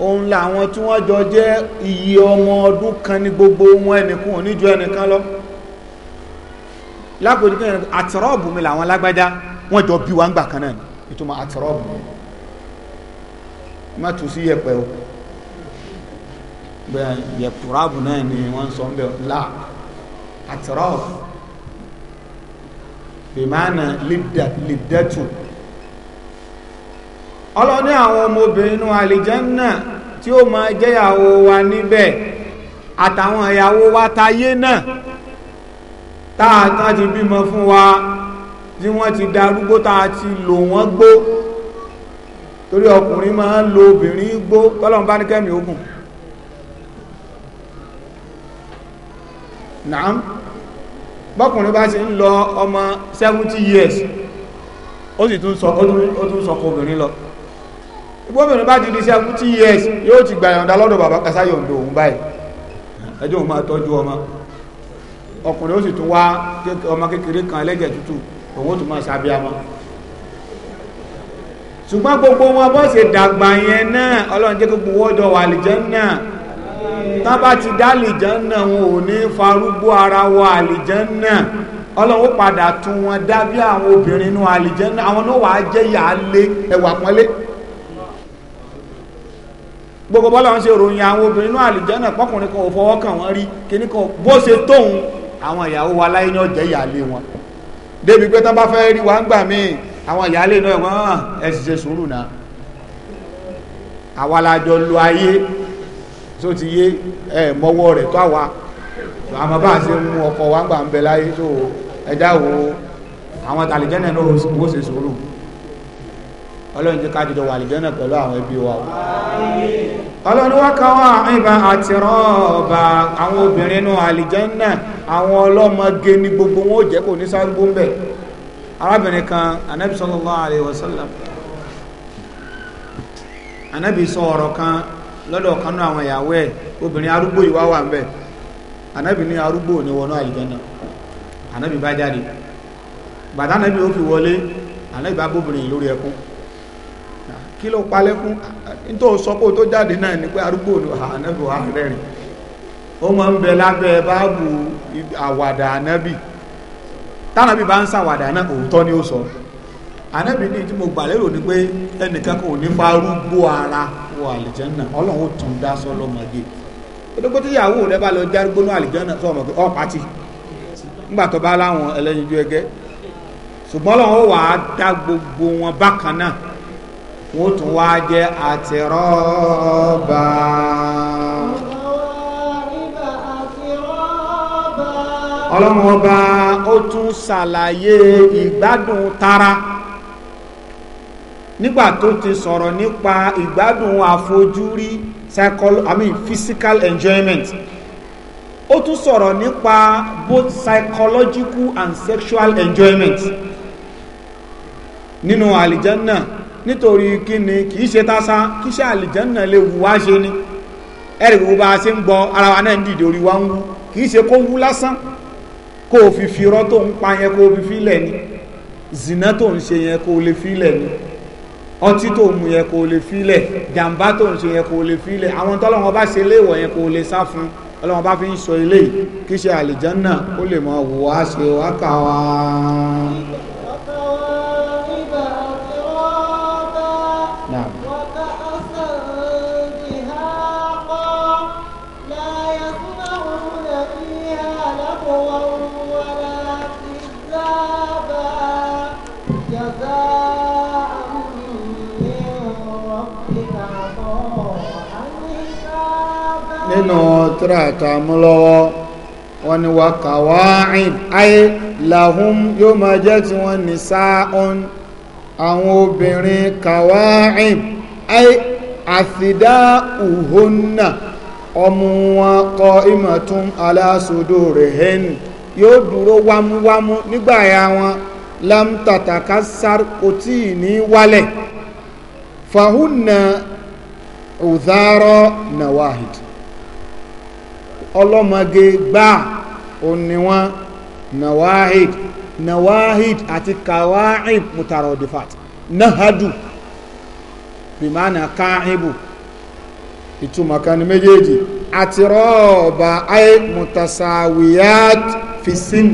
òun làwọn tí wọ́n jọ jẹ́ iye ọmọ ọdún kan ní gbogbo wọn ẹnìkan ò ní ju ẹnìkan lọ lápòdì pé àtìrọ́ọ̀bù mi làwọn lágbájá wọ́n jọ bí wa ń gbà kan náà ìtumọ̀ àtìrọ́ọ̀bù má tù sí yẹpẹ o bẹ́ẹ̀ yẹpùráàbù náà ni wọ́n ń sọ ń bẹ̀ là àtìrọ́ọ̀bù bìmánà lídẹ̀tù ọlọ́run ní àwọn ọmọbìnrin inú àlìjánná tí ó máa jẹ́yàwó wa níbẹ̀ àtàwọn ìyàwó wa tayé náà táàtà ti bímọ fún wa tí wọ́n ti darúgbó táà ti lò wọ́n gbó torí ọkùnrin máa ń lo obìnrin gbó tọ́lọ́run bá ní kẹ́mi ogun naam bọ́kùnrin bá ti ń lọ ọmọ 70 years ó sì tún sọ obìnrin lọ gbọ́bìnrin bá ti di seventy years yóò ti gbà yọ̀ǹda lọ́dọ̀ bàbá kasa yọ̀ǹda òun báyìí ẹjọ́ òun máa tọ́jú ọmọ ọkùnrin ó sì tún wá ọmọ kékeré kan ẹlẹ́jẹ̀ tútù òun ó tún máa sábẹ́ ọmọ ṣùgbọ́n gbogbo wọn bọ́ ṣe dàgbà yẹn náà ọlọ́run jẹ́ gbogbo wọ́jọ wà àlìjànnà tá bá ti dá àlìjànnà wọn ò ní farúgbó ara wọ àlìjànnà ọlọ́run padà tún wọn dá bí àwọn obìnrin inú àlìjànnà àwọn náà wàá jẹ́ yàá lé ẹwà pọ́nlé gbogbo bọ́lá ń ṣe ròyìn àwọn obìnrin náà àlìjẹ́nà pọ́kùnrin kan ò fọwọ́ wọ́n rí kíní kan bó ṣe tóun àwọn ìyàwó wa láyé ní ọ̀jẹ̀ ìyàlé wọn débi pé tán bá fẹ́ rí wa ń gbà àwọn ìyàlé náà wọ́n hàn sì ṣe sùúrù náà àwa la jọ lo ayé tó ti yé mọ́wọ́ rẹ̀ tó àwa ṣe mú ọkọ̀ wa ń gbà ń bẹ láyé tó wo àwọn ọlọ́run jẹ́ kájọ́ wà lìjọ́nà pẹ̀lú àwọn ẹbí wa ọlọ́run wá káwọ́ àwọn ìbá àti rọ́ọ̀bà àwọn obìnrin nù àlìjọ́nà àwọn ọlọ́mọge ní gbogbo wọn ò jẹ́ kò ní sárúgbó ń bẹ̀ arábìnrin kan anábì sallallahu alaihi wasallam anábì sọ ọ̀rọ̀ kan lọ́dọ̀ kan náà àwọn ìyàwó ẹ̀ obìnrin arúgbó yìí wá wà ń bẹ̀ anábì ní arúgbó ní wọnú àlìjọ́nà anábì bá jáde gbàdá anábì ó fi wọlé anábì bá bóbìnrin lórí ẹkún kí ló ń pa lẹ́kún tó sọ pé tó jáde náà pé arúgbó ló hà ó ń bẹ bá ń sàwàdà náà òótọ́ ni ó sọ ní tí mo gbà lérò arúgbó ara wọ àlìjẹ́nà ọlọ́run ó tún dá sọ lọ́mọdé olóko tí ìyàwó rẹ bá lọ járúgbó náà àlìjẹ́nà pati tó bá láwọn ẹlẹ́yinjú ẹgẹ́ ṣùgbọ́n ọlọ́run ó wàá dá gbogbo wọn bákan náà wọ́n tún wá jẹ́ àtìrọ́ọ̀bà. ọlọ́mọ ọba tún ṣàlàyé ìgbádùn tara nígbà tó ti sọ̀rọ̀ nípa ìgbádùn àfojúrí psycholo i mean physical enjoyment ó tún sọ̀rọ̀ nípa both psychological and sexual enjoyment nínú àlìjánná. No, nítorí kíni kìí ṣe tásán kí ṣe àlìjánà lè wù wá ṣe ni ẹ̀rì gbogbo bá a ṣe ń gbọ́ ara wa náà ń dìde orí wa ń wú kìí ṣe kó wú lásán kó fi fi irọ́ tó ń pa yẹn kó o fi filẹ̀ ni zina tó ń ṣe yẹn kó o lè filẹ̀ ni ọtí tó mu yẹn kó o lè filẹ̀ jàǹbá tó ń ṣe yẹn kó o lè filẹ̀ àwọn tọ́lọ́wọ́n bá ṣe léèwọ̀ yẹn kó lè sá fún ọlọ́wọ́n bá fi ń sọ eléyìí kí ṣe àlìjánà ó lè mọ wò wá ṣe wákà wá. tíra ta mú lọ́wọ́ wọ́n ní wà kàwáìn ayé làhún yóò máa jẹ́ tí wọ́n ní sáón àwọn obìnrin kàwáìn ayé àfidá ùhónà ọmọ wọn kọ ìmọ̀tún aláṣodò rẹ̀ hẹ́n ya wọn lámtàtàkásár kò tí ì ní wálẹ̀ fàhùnà ọ̀dárọ̀ ọlọ́mọge gbáà òun ni wọ́n nawahid nawahid àti kawaib mutarodifat nahadu bimana kaahibu ìtumọ̀ kan ní méjèèjì àti rọ́ọ̀bà ayé mutasawiyat fisin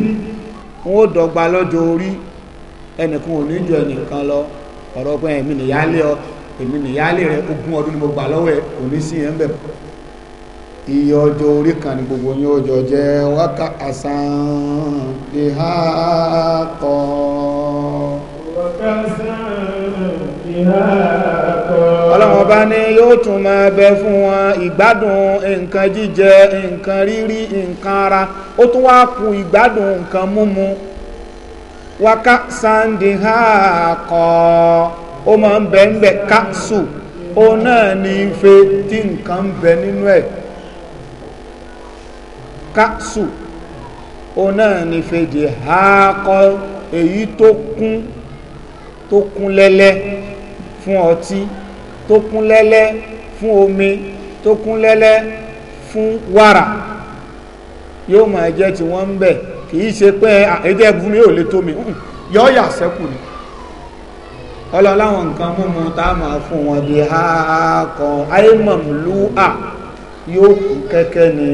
wọn ó dọ́gba lọ́jọ́ orí ẹnìkan ò ní ẹnìkan lọ ọ̀rọ̀ pé èmi nìyálé ọ èmi nìyálé rẹ ogún ọdún ni mo gbà lọ́wọ́ ẹ kò sí ẹ ń bẹ̀rẹ̀ iye ọjọ́ orí kan ní gbogbo yín ọjọ́ jẹ́ wákà àsán lè ha kọ́. wákà àsán lè ha kọ́. ọlọ́run ọba ni yóò tún máa bẹ fún wọn ìgbádùn nǹkan jíjẹ nǹkan rírí nǹkan ara ó tún wá kù ìgbádùn nǹkan múmu wákà sàǹdì ó máa ń bẹ ń bẹ káṣù ó náà ní ife tí nǹkan ń bẹ nínú ẹ̀ káṣù ó náà ní fèjì hákọ́ èyí tó kún tó kún lẹ́lẹ́ fún ọtí tó kún lẹ́lẹ́ fún omi tó kún lẹ́lẹ́ fún wàrà yóò máa jẹ́ tí wọ́n ń bẹ̀ kìí ṣe pé ẹjẹ́ bú mi ò lè tó mi yọ́ yà sẹ́kù ni ọlọ́láwọn nǹkan múmu tá a máa fún wọn di hákọ́ àìmọ̀mùlúà yóò kú kẹ́kẹ́ ni.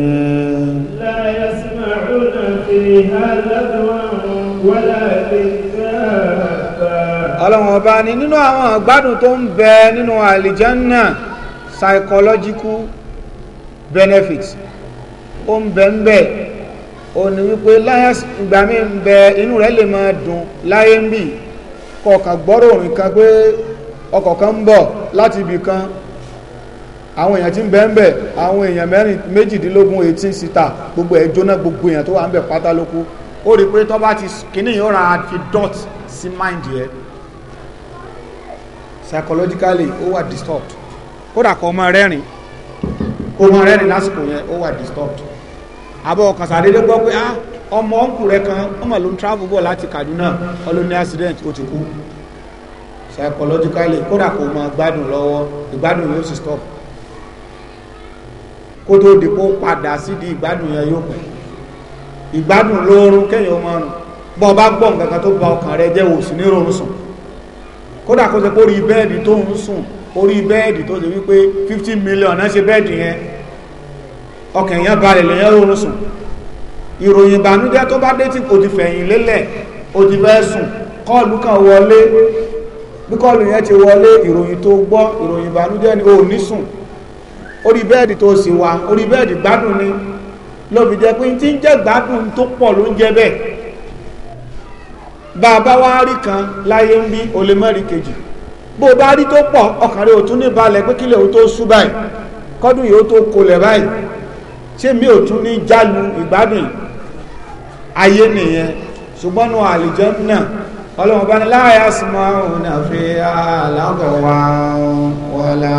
láyé sùmọ̀rù náà fi hàlàdùn wọlé ọlọ́run ọba ni nínú àwọn àgbádùn tó ń bẹ nínú àlìjánná psychological benefit ó ń bẹ ń bẹ ó ní wípé láyé ìgbà mi ń bẹ inú rẹ̀ lè máa dùn láyé ń bì kọ̀ọ̀kan gbọ́rọ̀ òrìn pé ọkọ̀ kan ń bọ̀ láti ibì kan àwọn èèyàn tí ń bẹ ń bẹ àwọn èèyàn mẹ́rin méjìdínlógún eighteen sita gbogbo ẹ̀ jóná gbogbo èèyàn tó wà ń bẹ pátá ló kú ó rí i pé tó bá ti kíní yóò ra fi dot sí mind yẹ psychologically ó wà disturbed kódà kọ́ ọmọ rẹ́rìn ọmọ rẹ́rìn lásìkò yẹn ó wà disturbed àbọ̀ ọkàn sàdédé gbọ́ pé ah ọmọ ọkùnrin kan ọmọ ló ń travel bọ̀ láti Kaduna ọlọ́ni accident ó ti kú psychologically kódà kò mọ gbádùn lọ́wọ́ ìgbádùn yóò sì stop kó tó di kó padà sídìí ìgbádùn yẹn yóò pẹ́ ìgbádùn lóorun kéèyàn máa rùn bọ́ ọ bá gbọ́ nǹkan kan tó ba ọkàn rẹ jẹ́ òsì ní rọrùn sùn kódà kó ṣe pé orí tó ń sùn orí bẹ́ẹ̀dì tó ṣe wípé 15 million náà ṣe bẹ́ẹ̀dì yẹn ọkàn èèyàn balẹ̀ lèyàn rọrùn sùn ìròyìn ìbànújẹ́ tó bá dé tí kò ti fẹ̀yìn lélẹ̀ o ti fẹ́ sùn kọ́ọ̀lù kan wọlé bí kọ́ọ̀lù yẹn ti wọlé ìròyìn tó gbọ́ ìròyìn ìbànújẹ́ ni o ní sùn orí bẹ́ẹ̀dì tó sì wà orí bẹ́ẹ̀dì gbádùn ni lóbi jẹ́ pé tí ń jẹ́ gbádùn tó pọ̀ ló ń jẹ́ bẹ́ẹ̀ bá a bá wá rí kan láyé ń bí o lè má rí kejì bó o bá rí tó pọ̀ ọkàn rẹ̀ ò tún ní balẹ̀ pé kílẹ̀ o tó sú báyìí kọ́dún yìí ó tó kolẹ̀ báyìí ṣé mi ò tún ní jálu ìgbádùn ayé nìyẹn ṣùgbọ́n nu àlìjẹ́ náà ọlọ́run bá ní láàyè àsìmọ́ òun náà fi àlàbọ̀ wá wọ́lá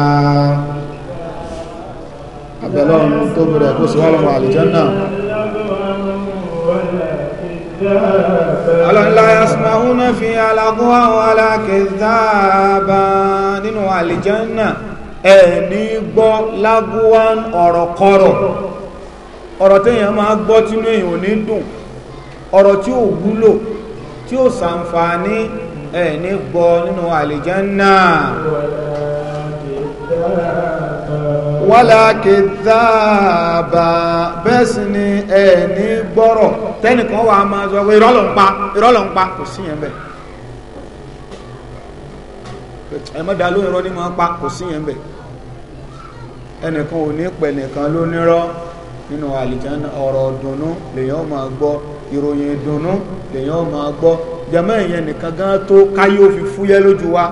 bẹ̀lọ́ ọ̀run tó bẹ̀rẹ̀ kó sí wọ́n wà àlìjọ́nà ọlọ́nlá yasmahuna fi alágúnwá wàlá kìzáàbà nínú àlìjọ́nà ẹ̀ ní gbọ́ lágúnwá ọ̀rọ̀kọ́rọ̀ ọ̀rọ̀ téèyàn máa gbọ́ tínú èèyàn ò ní dùn ọ̀rọ̀ tí ò wúlò tí ò sàǹfààní ẹ̀ gbọ́ nínú àlìjọ́nà wala kidhaba bẹ́ẹ̀ sì ni ẹ̀ẹ́ni gbọ́rọ̀ tẹ́nìkan wà máa sọ pé irọ́ ló ń pa irọ́ ló ń pa kò sí yẹn bẹ́ẹ̀ ẹ̀mọ́dà ló irọ́ ní máa pa kò sí yẹn bẹ̀ ẹnìkan ò ní pẹ̀ nìkan ló nírọ́ nínú àlìjánà ọ̀rọ̀ dùnnú lèyàn máa gbọ́ ìròyìn dùnnú lèyàn máa gbọ́ jẹ́mọ́ ìyẹn nìkan gan tó káyé ó fúyẹ́ lójú wa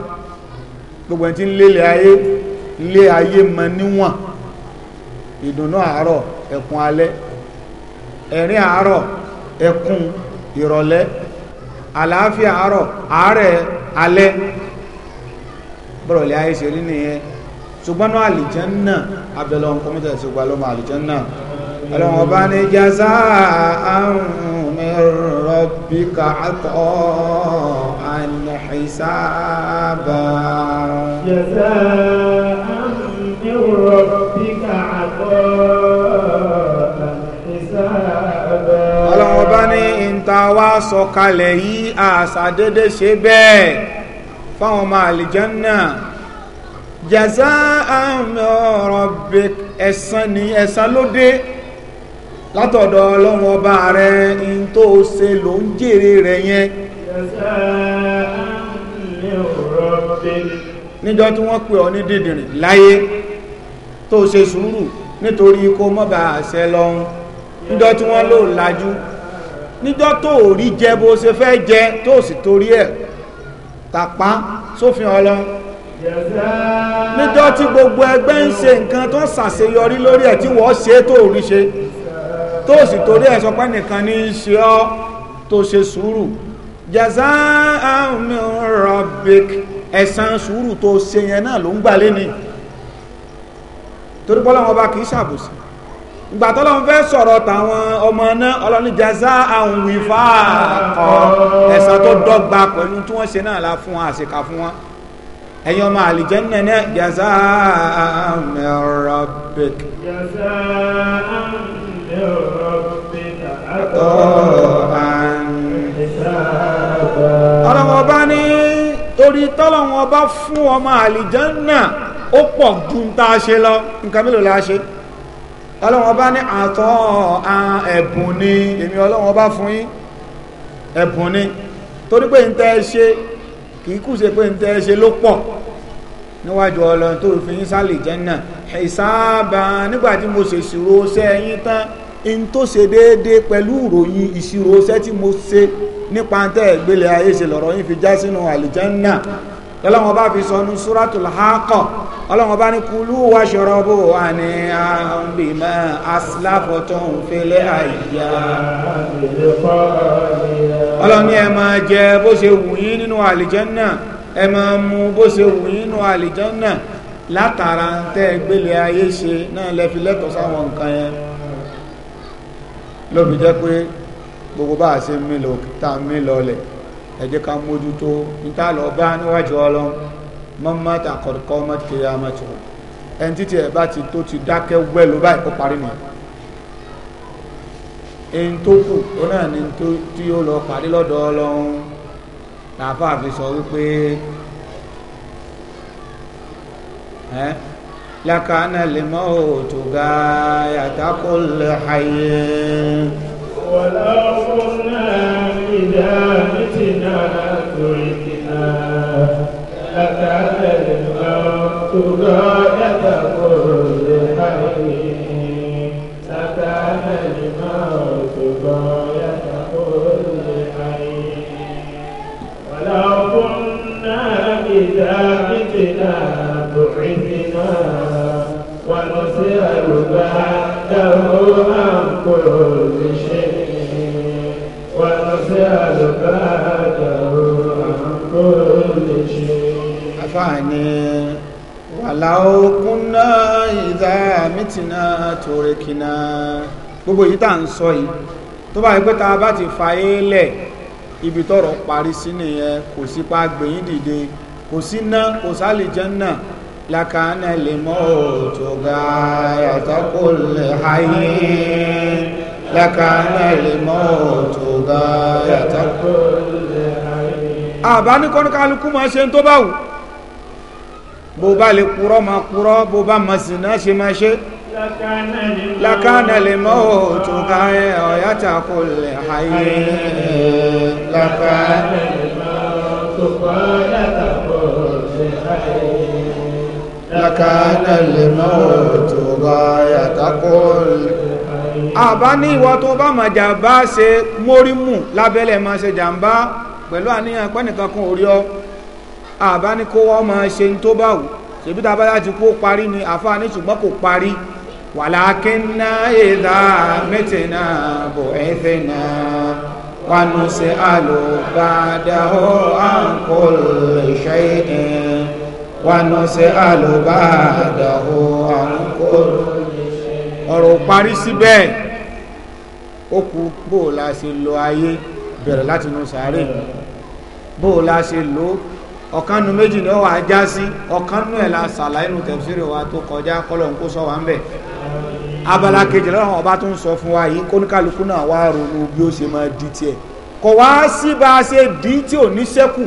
gbogbo ẹni tí ń lélẹ̀ ayé lé ayé mọ níwọ̀n ìdùnnú àárọ̀ ẹkún alẹ́ ẹ̀rín àárọ̀ ẹkún ìrọ̀lẹ́ àlàáfíà àárọ̀ àárẹ̀ alẹ́ bọ́rọ̀lẹ́ ayé ṣe rí nìyẹn ṣùgbọ́n náà àlìjánná abẹ́lọ́ kọ́mítà sí gbà lọ́mọ àlìjánná ẹlọ́wọ́n bá ní jásá àrùn rabbika àtọ́ àìsàbà jásá àrùn tá a wá sọ kalẹ̀ yìí àṣàdédé ṣe bẹ́ẹ̀ fáwọn ọmọ àlìjánná jaza àmì ọ̀rọ̀ bẹ ẹ̀san ni ẹ̀san ló dé látọ̀dọ̀ ọlọ́run ọba rẹ̀ ń tó ṣe ló ń jèrè rẹ̀ yẹn jaza àmì ọ̀rọ̀ bẹ níjọ́ tí wọ́n pè ọ́ ní dìdìrìn láyé tó ṣe sùúrù nítorí kó mọ́ba àṣẹ lọ́hún níjọ́ tí wọ́n lò lájú níjọ́ tó ò rí jẹ bó ṣe fẹ́ jẹ tó sì torí ẹ̀ tàpá sófin ọlọ́run níjọ́ tí gbogbo ẹgbẹ́ ń ṣe nǹkan tó ṣàṣeyọrí lórí ẹ̀ tí wọ́n ṣe tó rí ṣe tó sì torí ẹ̀ sọ pé nìkan ní í ṣe ọ́ tó ṣe sùúrù jaza'an min rabbik ẹ̀san sùúrù tó ṣe yẹn náà ló ń gbà lé ni torí pé Ọlọ́run ọba kì í ṣàbòsí gbàtọ́lọ́n fẹ́ sọ̀rọ̀ tàwọn ọmọ náà ọlọ́ni jaza àwọn ìfà kọ ẹ̀san tó dọ́gba pẹ̀lú tí wọ́n ṣe náà la fún wọn àṣekà fún wọn ẹ̀yin ọmọ àlìjẹ́nà náà jaza amẹ́rọ̀bẹ̀k ọlọ́wọ́ bá ní torí tọ́lọ́wọ́ bá fún ọmọ àlìjẹ́nà ó pọ̀ ju ń tá a ṣe lọ nǹkan mélòó la ṣe ọlọ́wọ́n bá ní àtọ́ ẹ̀bùn ni èmi ọlọ́wọ́n bá fún yín ẹ̀bùn ni torí pé ń tẹ́ ṣe kì í kù ṣe pé ń tẹ́ ṣe ló pọ̀ níwájú ọlọ́run tó fi yín sálì jẹ́nà ìsáàbà nígbà tí mo ṣèṣirò ṣẹ́ yín tán in tó ṣe déédé pẹ̀lú ìròyìn ìṣirò ṣẹ́ tí mo ṣe nípa tẹ́ ìgbélé ayé ṣe lọ́rọ̀ yín fi já sínú àlìjẹ́nà lọ́lọ́wọ́n bá fi sọnù suratul Haqqah ọlọ́wọ́n bá ní kulú washrabu hani'an bima aslaftum fil ayyam ọlọ́ni ẹ máa jẹ bó ṣe wù yín nínú àlìjẹ́nà ẹ máa mu bó ṣe wù yín nínú àlìjẹ́nà látara ń tẹ́ gbélé ayé ṣe náà lẹ́fi lẹ́tọ̀ọ́ sáwọn nǹkan yẹn lóbi jẹ́ pé gbogbo bá a ṣe mí tá a mí lọ ẹ jẹ́ ká mójútó níta lọ bá níwájú ọlọ́run mọ́mọ́ tàkọ̀kọ́ mọ́tìkiri amẹ́tò ẹni títí ẹ̀ bá ti tó ti dákẹ́ wẹ́lú báyìí kó parí nìyẹn ẹni tó kù ó náà ní tí ó lọ parí lọ́dọ̀ ọlọ́run làáfàá fi sọ wípé ẹ́ lakana limautu gayata kulli hayy wala furna إذا متنا تركنا لك الموت غاية كل حي لك الموت غاية كل حي ولو كنا إذا متنا بعثنا ونصير بعده عن كل شيء àfáàní wàláókún náà ìdá mítínà tòrékìnà gbogbo èyí tà ń sọ yìí tó bá yẹ bá ti fa éélẹ̀ ibi tọ́rọ̀ parí sí nìyẹn kò sí pa gbẹ̀yìn dìde kò sí ná kò sálì jẹ́ náà lakana limautu gayata kulli hayyin lakana limautu gayata kulli hayyin àbá ní kọ́nukálukú máa ṣe ń tó báwù bó bá lè kúrọ́ ma kúrọ́ bó bá ma sì náà ṣe ma ṣe lákàánà lè mọ́ òtún ká ẹ ọ̀yátà kò lè hayé lákàánà lè mọ́ òtún ká ọ̀yátà kò kò lè hayé àbá ní ìwọ tó bá ma jàmbá ṣe mórímù lábẹ́lẹ̀ ma ṣe jàmbá pẹ̀lú àníyàn pẹ́nìkan kan orí ọ àbá ma kó wọ́n máa ṣe ń tó bá ṣèbí tá láti kó parí ni àfa ní ṣùgbọ́n kò parí wàlákínná ìdá mẹ́tẹ̀nà bò ẹ̀fẹ̀nà wánú sí àlùbádàhó àǹkólẹ̀ṣẹ́ ẹ̀ wánú sí àlùbádàhó àǹkólẹ̀ṣẹ́ ọ̀rọ̀ parí síbẹ̀ ó kú bó la ṣe lo ayé bẹ̀rẹ̀ látinú sàárè bó la ọ̀kanu méjì ni ó wà já sí ọ̀kanu ẹ̀ la sàlàyé nu tẹ̀síìrì wa tó kọjá kọ́lọ̀ ń kó sọ wà ń bẹ̀ abala kejì lọ́wọ́ ọba tó ń sọ fún wa yìí kóníkàlùkù náà wá ronú bí ó ṣe máa di tiẹ̀ kọ̀ wá sí bá a ṣe di tí ò ní sẹ́kù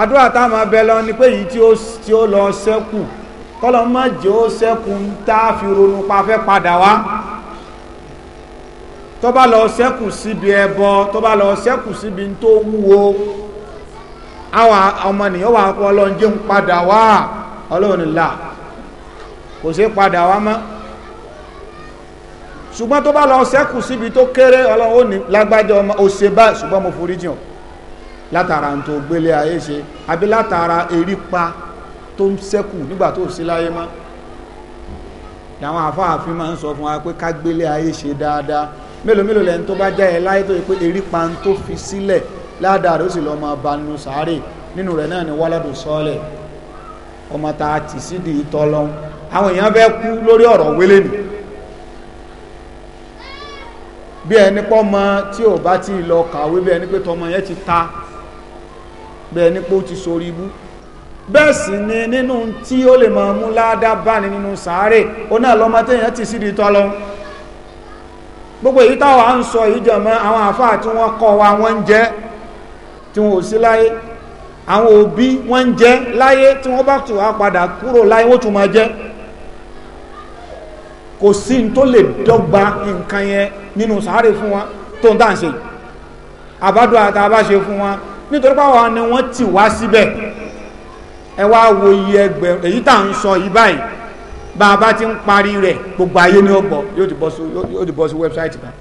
àdúrà tá a máa bẹ lọ ni pé èyí tí ó lọ sẹ́kù kọ́lọ̀ má jẹ́ ó sẹ́kù ń tá a fi ronú pa fẹ́ padà wá tó bá lọ sẹ́kù síbi ẹbọ tó lọ sẹ́kù síbi tó wúwo àwọn ọmọnìyàn wà kọ́ ọlọ́run jẹ́ ń padà wá ọlọ́run nílà kò sí padà wá mọ́ ṣùgbọ́n tó bá lọ sẹ́kù síbi tó kéré ọlọ́run ó ní lágbájá ọmọ òṣè báyìí ṣùgbọ́n mo forí jìn látara tó gbélé ayé ṣe àbí látara erípa tó ń sẹ́kù nígbà tó sí láyé mọ́ làwọn àfáàfin máa ń sọ fún wa pé ká gbélé ayé ṣe dáadáa mélòó mélòó lẹ́ni tó bá jẹ́ láyé tó yẹ pé erípa tó fi sílẹ̀ ládàá rẹ̀ ó sì lọ máa ba nínú sàárè nínú rẹ̀ náà ni wáládù sọ́ọ̀lẹ̀ ọmọ ta ti sídi ìtọ́lọ́n àwọn èèyàn fẹ́ kú lórí ọ̀rọ̀ wélé nì bí ẹni pọ́ mọ tí ò bá ti lọ kàwé bí ẹni pé tọmọ yẹn ti ta bí ẹni pé ó ti sorí ibú bẹ́ẹ̀ sì ni nínú tí ó lè máa mú ládá bá ní nínú sàárè ó náà lọ́mọ èèyàn ti sídi ìtọ́lọ́n gbogbo èyí táwọn à ń sọ ìjọmọ àwọn àfáà tí wọ́n kọ́ wa wọ́n ń jẹ́ tí wọn ò sí láyé àwọn òbí wọn ń jẹ láyé tí wọn bá tún wá padà kúrò láyé wọn tún máa jẹ kò sí ní tó lè dọ́gba nǹkan yẹn nínú sàárè fún wa tó ń dáǹṣe àbádọ́ àtàbáṣe fún wa nítorí pàwọn ni wọ́n ti wá síbẹ̀ ẹ wá wo iye ẹgbẹ̀rún èyí tà ń sọ yìí báyìí bá a bá ti ń parí rẹ̀ gbogbo ayé ní ọgbọ̀ yóò ti bọ́ sí wẹ́bsáìtì kan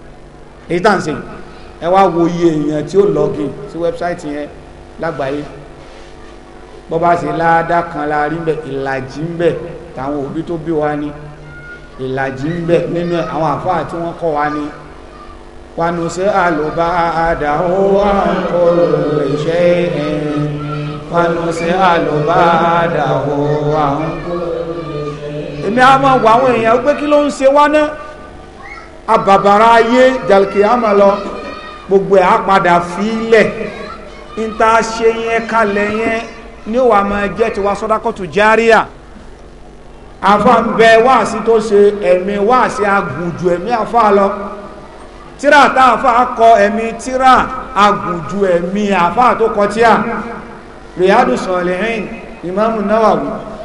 èyí tà ń ṣe yìí ẹ wá wo iye èèyàn tí ó login sí wẹ́bsáìtì yẹn lágbàáyé bọ́ bá ṣe láàdá kan láàrin bẹ̀ ìlàjì ń bẹ̀ táwọn òbí tó bí wa ni ìlàjì ń bẹ̀ nínú àwọn àfáà tí wọ́n kọ́ wa ni wanu sí àlùbá àdáhó àǹkóró ìṣe ẹ̀yìn wanu àlùbá àdáhó àǹkóró èmi a máa wọ àwọn èèyàn pé kí ló ń ṣe wá náà àbàbàrà ayé jàlùkì àmà lọ gbogbo ẹ̀ á padà fílẹ̀ níta ṣe yẹn kalẹ̀ yẹn ní òwà máa jẹ́ tiwa sọ́dákọ̀tù járíà afáǹbẹ wáàsí tó ṣe ẹ̀mí wáàsí agùnjù ẹ̀mí afá lọ tíra tá afá kọ ẹ̀mí tíra agùnjù ẹ̀mí afá tó kọ tíà Riyadus Salihin Imam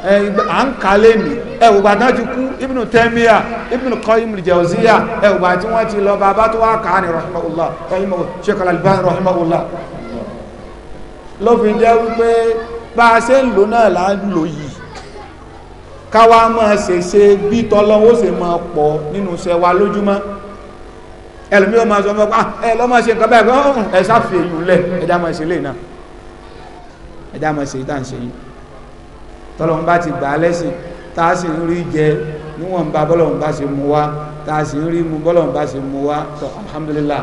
à ń ka lẹ́nu ẹ̀wùgbà tán ti kú ibnu tẹ́míà ibnu qayyim al-jawziya ẹ̀wùgbà tí wọ́n ti lọ bàbá tó wá kàá ní rahimahullah rahimahullah sheikh al-albani rahimahullah ló fi jẹ́ wípé bá a ṣe ń lò náà là ń lò yìí káwa máa ṣe ṣe bí tọ́lọ́wọ́ ṣe máa pọ̀ nínú iṣẹ́ wa lójúmọ́ ẹlòmí ó máa sọ fún ah, ẹ lọ́ máa ṣe nǹkan bẹ́ẹ̀ ẹ sáfì èyí lẹ̀ ẹ̀dá máa ṣe lè náà ẹ̀dá máa ṣe ìtàn ṣe yìí tọ́lọ́n bá ti gbà á lẹ́sìn tá a sì ń rí jẹ níwọ̀n bá bọ́lọ́n bá ṣe mú wá tá a sì ń rí mu bọ́lọ́n bá ṣe mú wá tọ́ alhamdulillah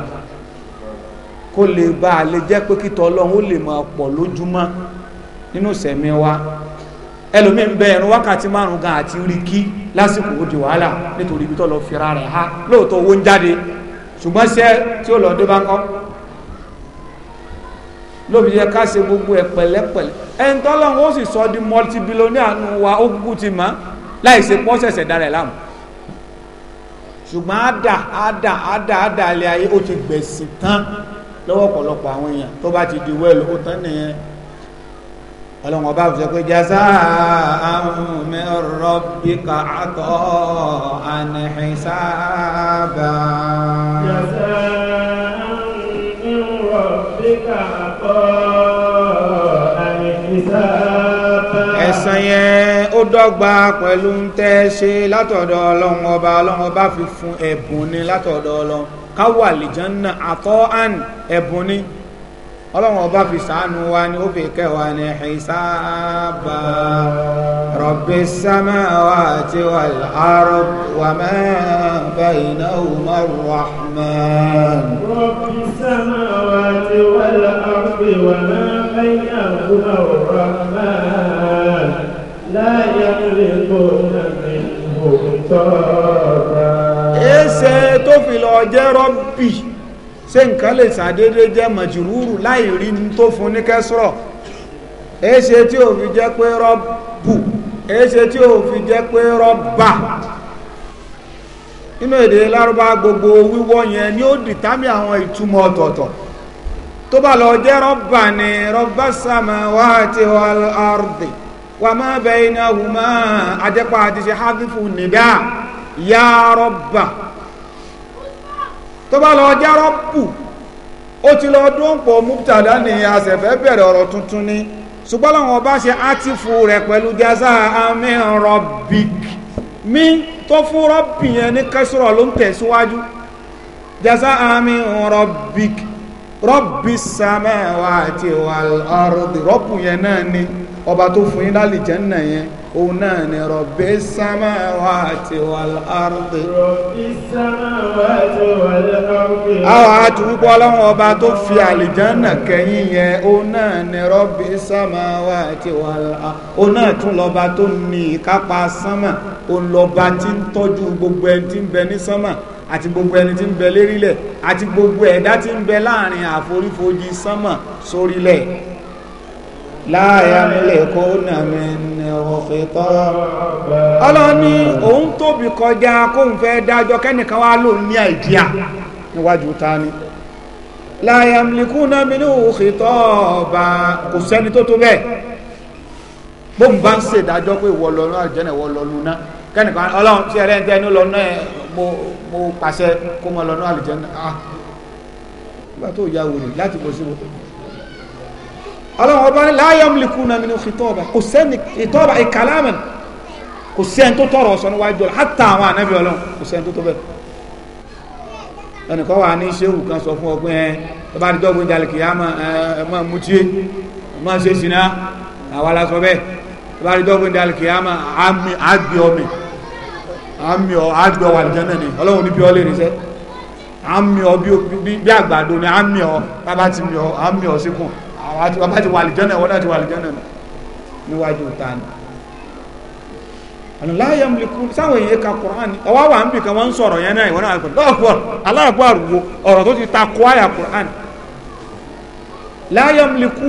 kó lè bá a lè jẹ́ pé kí tọ́lọ́n ó lè máa pọ̀ lójúmọ́ nínú sẹ̀mí wa ẹlòmí bẹ ẹ̀rùn wákàtí márùn gan àti rí kí lásìkò ó di wàhálà nítorí ibi tọ́lọ́ fira rẹ̀ ha lóòótọ́ owó ń jáde ṣùgbọ́n sẹ́ tí ó lọ dé bá ń kọ́ lóbi yẹ ká ṣe gbogbo ẹ̀ pẹ̀lẹ́pẹ̀lẹ́ ẹni tọ́lọ́ ó sì sọ di multibillionaire nu wa ó kúkú ti mọ̀ láì ṣe pọ́ ṣẹ̀ṣẹ̀ dára ẹ̀ láàmú ṣùgbọ́n àdà àdà àdà àdà alẹ́ ayé ó ti gbẹ̀sìn tán lọ́wọ́ ọ̀pọ̀lọpọ̀ àwọn èèyàn tó bá ti di wẹ́ẹ̀lì ó tán nìyẹn ọlọ́run ọba àfisọ pé jaza min rabbika ata'an hisaba. jaza min rabbika ata'an. ẹ̀san yẹn ó dọ́gba pẹ̀lú ń tẹ́ ṣe látọ̀dọ̀ ọlọ́run ọba ọlọ́run ọba fi fún ẹ̀bùn ni látọ̀dọ̀ ọlọ́run káwọ àlìjánná àtọ́ àn ẹ̀bùn ni ọlọ́run ọba fi sàánú wa ni ó fi kẹ́ wa ni hisaaba rabbi samawati wal ard wa ma baynahuma rahman. rabbi samawati wal ard wa ma baynahuma rahman. لا يملكون منه خطابا fi lọ jẹ́ rọ́bì ṣé nǹkan lè ṣàdédé jẹ́ màjúrúrù láì rí ní tó fún fi gbogbo wíwọ́ yẹn ni ó dìtámì àwọn ìtumọ̀ ọ̀tọ̀ọ̀tọ̀ tó bá lọ jẹ́ rọ́bà ni rọ́bà ti wà má baynahuma adẹ́pà àti ṣe hadifu nìdá ya rọ́bà tó bá lọ jẹ́ rọ́bù ó ti lọ dún pọ̀ múptàdá ní àṣẹ̀fẹ́ bẹ̀rẹ̀ ọ̀rọ̀ tuntun ni ṣùgbọ́n làwọn bá ṣe átífù rẹ̀ pẹ̀lú jaza amin rọ́bìk mi tó fún rọ́bì yẹn ní kẹsùrọ̀ ló ń tẹ̀síwájú jaza amin rọ́bìk rọ́bì samawati wal ardi rọ́bù yẹn náà ni ọba tó fún yín lálìjẹ́ nà yẹn òun náà ni rọ̀bí sámáwáàtì wàlárùbí. rọ̀bí sámáwáàtì wàlárùbí. àwọn àtúwúpọ̀ ọlọ́run ọba tó fi àlìjẹ́ nà kẹ́yìn yẹn òun náà ni rọ̀bí sámáwáàtì wàlárùbí. òun náà tún lọ́ba tó ní ìkápá sánmà òun lọ́ba tí ń tọ́jú gbogbo ẹni tí ń bẹ ní sánmà àti gbogbo ẹni tí ń bẹ lérílẹ̀ àti gbogbo ẹ̀dá tí ń bẹ láàrin àforífojì sánmà sórílẹ̀ láàyà mílẹ̀ kó nàmì ọ̀fẹ́tọ́ ọlọ́ni òun tóbi kọjá kóun fẹ́ dájọ́ kẹ́nìkan wá lòun ní àìdíà níwájú ta ni láàyà mílẹ̀ kó nàmì ọ̀fẹ́tọ́ ọba kò sẹ́ni tó tó bẹ́ẹ̀ bóun bá ń ṣèdájọ́ pé ìwọ lọ náà jẹ́nà ìwọ lọ ọlọ́run ọba ní la yamlikuna minhu khitaba kò sẹ́ni ìtọ́ba ìkàlámà kò sẹ́ni tó tọrọ ọ̀sán níwájú ọ̀la hátà àwọn ànábì ọlọ́run kò sẹ́ni tó tó bẹ́ẹ̀ ẹnìkan wà ní sẹ́wù kan sọ fún ọgbọ́n ẹ tó bá ní dọ́gbọ́n jalè kìí àmọ́ ẹ máa mutí ẹ máa ṣe ṣìnà àwa la sọ bẹ́ẹ̀ tó bá ní dọ́gbọ́n jalè kìí àmọ́ àgbì àmì ọ àgbì ọwà àlùjànnà ni ọlọ́run ní ni àmì àwọn àti bàbá ti wà àlìjọ́nà ìwọ́n náà ti wà àlìjọ́nà níwájú ta ni àlùlá yamliku sáwọn èèyàn ka Qur'an ọwọ́ wà ń bì kan wọ́n ń sọ̀rọ̀ yẹn náà ìwọ́n náà àlùkò lọ́ọ̀pọ̀ aláàbò àrùwò ọ̀rọ̀ tó ti ta kó àyà Qur'an láyamliku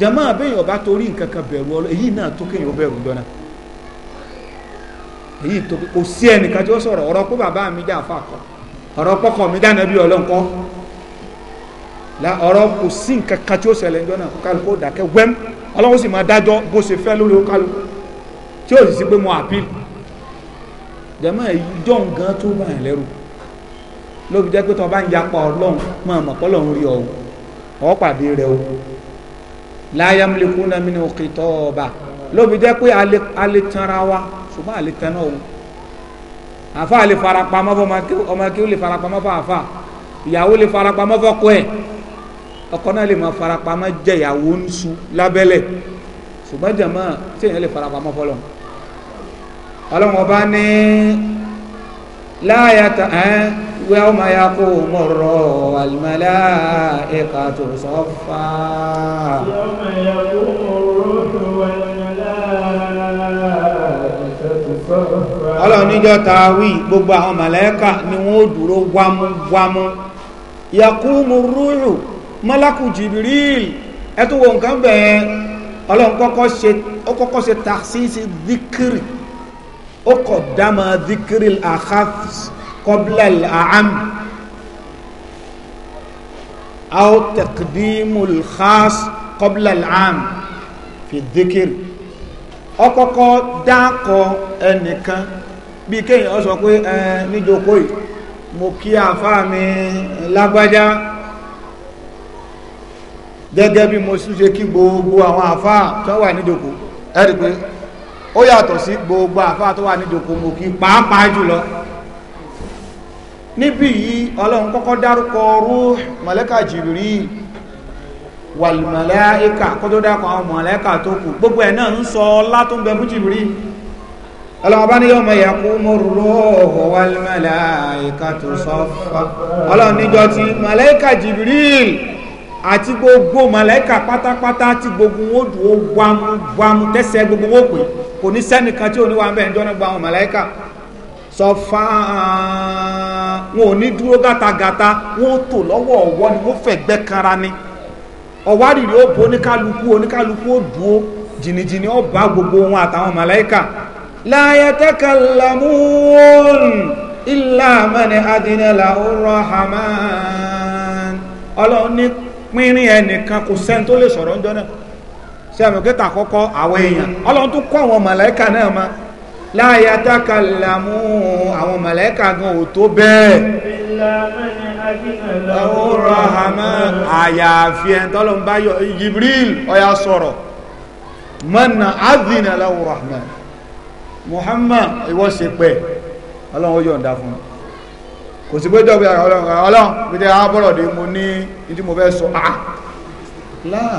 jama abẹ́yìn ọba torí nǹkan kan bẹ̀rù ọlọ́ èyí náà tó kéèyàn bẹ̀rù lọ́nà èyí tó kò sí ẹnìkan tí ó sọ̀rọ̀ ọ̀rọ̀ pé bàbá mi jà fà kọ́ ọ̀rọ̀ pọ́kọ mi dáná bí ọlọ́nkọ́ la ọ̀rọ̀ kò sí nǹkan kan tí ó ṣẹlẹ̀ ńjọ́ náà kálukó dákẹ́ wẹ́m ọlọ́run sì máa dájọ́ bó ṣe fẹ́ lórí kálukó tí ó sì sí pé mo àpíl jama ìjọ nǹkan tó bá yẹn lẹ́rù lóbi jẹ́ pé tí wọ́n bá ń yapa ọlọ́run máa mọ̀ pọ́lọ́run rí ọ la yamlikuna minhu khitaba lóbi jẹ́ pé a lè tanra wa ṣùgbọ́n a lè tanná o àfa lè farapamọ́ fún ọmọ kí ó lè farapamọ́ fún àfa ìyàwó lè farapamọ́ fún ọkọ ẹ̀ ọkọ náà lè máa farapamọ́ jẹ ìyàwó ń lábẹ́lẹ̀ ṣùgbọ́n jẹ̀mọ́ tí èèyàn lè farapamọ́ fọlọ́ ọlọ́run ọba ní láyàtà ẹ́n yawma yaqumu al-mala'ikatu saffa. yawma yaqumu al-mala'ikatu saffa. ọlọ́run níjọ́ ta wí gbogbo àwọn màláíkà ni wọ́n dúró wámúwámú yaqumu rúrù malaku jibril ẹtù wọ nǹkan bẹ́ẹ̀ ọlọ́run kọ́kọ́ ṣe ó kọ́kọ́ díkìrì ó kọ̀ dáma díkírì àkàtús kọ́bílà àám àwọn tẹ̀kídìmù khas kọ́bílà àám fi díkírì ọkọ̀kọ́ dákọ̀ ẹnìkan bí kéyìn ọ sọ pé ẹ níjókòó yìí mo kí àfáà mi lágbájá gẹ́gẹ́ bí mo ṣe kí gbogbo àwọn àfáà tó wà níjókòó ẹ̀rí pé ó yàtọ̀ sí gbogbo àfáà tó wà ní jòkómo pàápàá jùlọ níbi yìí ọlọ́run kọ́kọ́ dárúkọ rúh mọ̀lẹ́kà jìrì wàlùmọ̀lẹ́kà kó gbogbo ẹ̀ náà ń sọ ọlá tó ń bẹ fún ọlọ́run bá ní yọ́mọ ìyàkú mọ́rùlọ́ọ̀họ̀ wàlùmọ̀lẹ́kà tó ọlọ́run níjọ ti mọ̀lẹ́kà àti gbogbo mọ̀lẹ́kà pátápátá ti gbogbo wọn dùn ó gbogbo wọn kò ní tí ò ní wà ń àwọn màláíkà sọ fáán wọn ò ní dúró wọn ò tò lọ́wọ́ ọ̀wọ́ ni wọ́n fẹ̀ gbẹ́ kanra ni ọ̀wárìrì ó bu oníkálukú oníkálukú ó dúó jìnnìjìnnì ó gbogbo wọn àtàwọn màláíkà la yatakallamun illa man adina lahu rahman pínrín ẹnìkan kò sẹ́ni tó lè sọ̀rọ̀ sẹ́nu kíta kọ́kọ́ àwọn èèyàn ọlọ́run tún kọ́ àwọn màláíkà náà ma láyé atákàlámú àwọn màláíkà gan ò tó bẹ́ẹ̀ àyàfi ẹ̀ tọ́lọ́run bá yọ Jibril ọya sọ̀rọ̀ mọ́nà azina lahu rahman Muhammad ìwọ́ ṣe pẹ́ ọlọ́run ó yọ̀ǹda fún mi kò sí pé jọ́bi ọlọ́run pé tẹ́ àbọ̀rọ̀ dé mo ní ìdí mo fẹ́ sọ àà ah, láà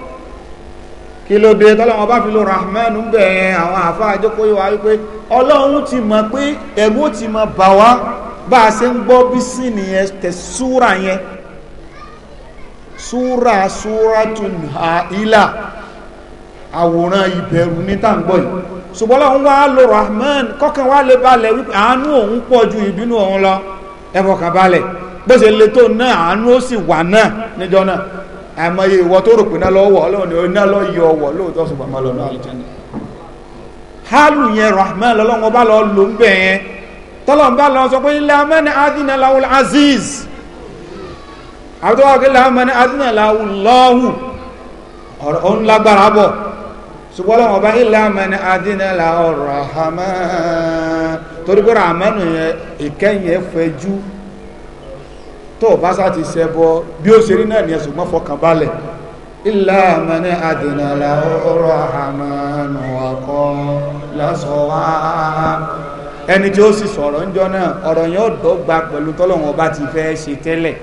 kí ló dé tọ́lọ́wọ́n bá fi lo rahman ń bẹ̀ àwọn àfa àjókòó wa wípé ọlọ́run ti mọ̀ pé ẹ̀rú ó ti mọ̀ bà wá bá a ṣe ń gbọ́ bí sí nìyẹn tẹ̀súra yẹn súra súra tún ha ilà àwòrán ìbẹ̀rù ní tàǹgbọ̀ yìí ṣùgbọ́n ọlọ́run wá lo rahman kọ́kàn wá lè balẹ̀ wípé àánú òun pọ̀ ju ìbínú òun lọ ẹ̀fọ́ balẹ̀ bó ṣe le tó náà àánú ó sì wà náà níjọ náà àmọye ìwọ tó rò pé náà lọ́wọ́ ọlọ́run ni náà lọ́ yọ ọwọ́ lóòótọ́ ṣùgbọ́n máa lọ náà àlùjánnà hálù yẹn rahman lọ́lọ́run ọba lọ lò ń bẹ̀ yẹn tọ́lọ́run bá lọ sọ pé lámẹ́ni adínà láwùl aziz àbútọ́wọ́ pé lámẹ́ni adínà láwùl lọ́wù ọ̀rọ̀ lágbára bọ̀ ṣùgbọ́n lọ́wọ́ ọba lámẹ́ni adínà láwùl rahman torí pé rahman yẹn ìkẹyìn ẹ fẹjú tó o bá sá ti ṣẹbọ bí ó ṣe rí náà ni ẹ̀sùn mọ́fọkàn balẹ̀ ilá àmàlẹ́ àdìnàlà ọ̀rọ̀ àmàlù ọkọ̀ lásọ̀wá ẹni tí ó sì sọ̀rọ̀ ńjọ́ náà ọ̀rọ̀ yẹn ó dọ́gba pẹ̀lú tọ́lọ́run ọba ti fẹ́ ṣe tẹ́lẹ̀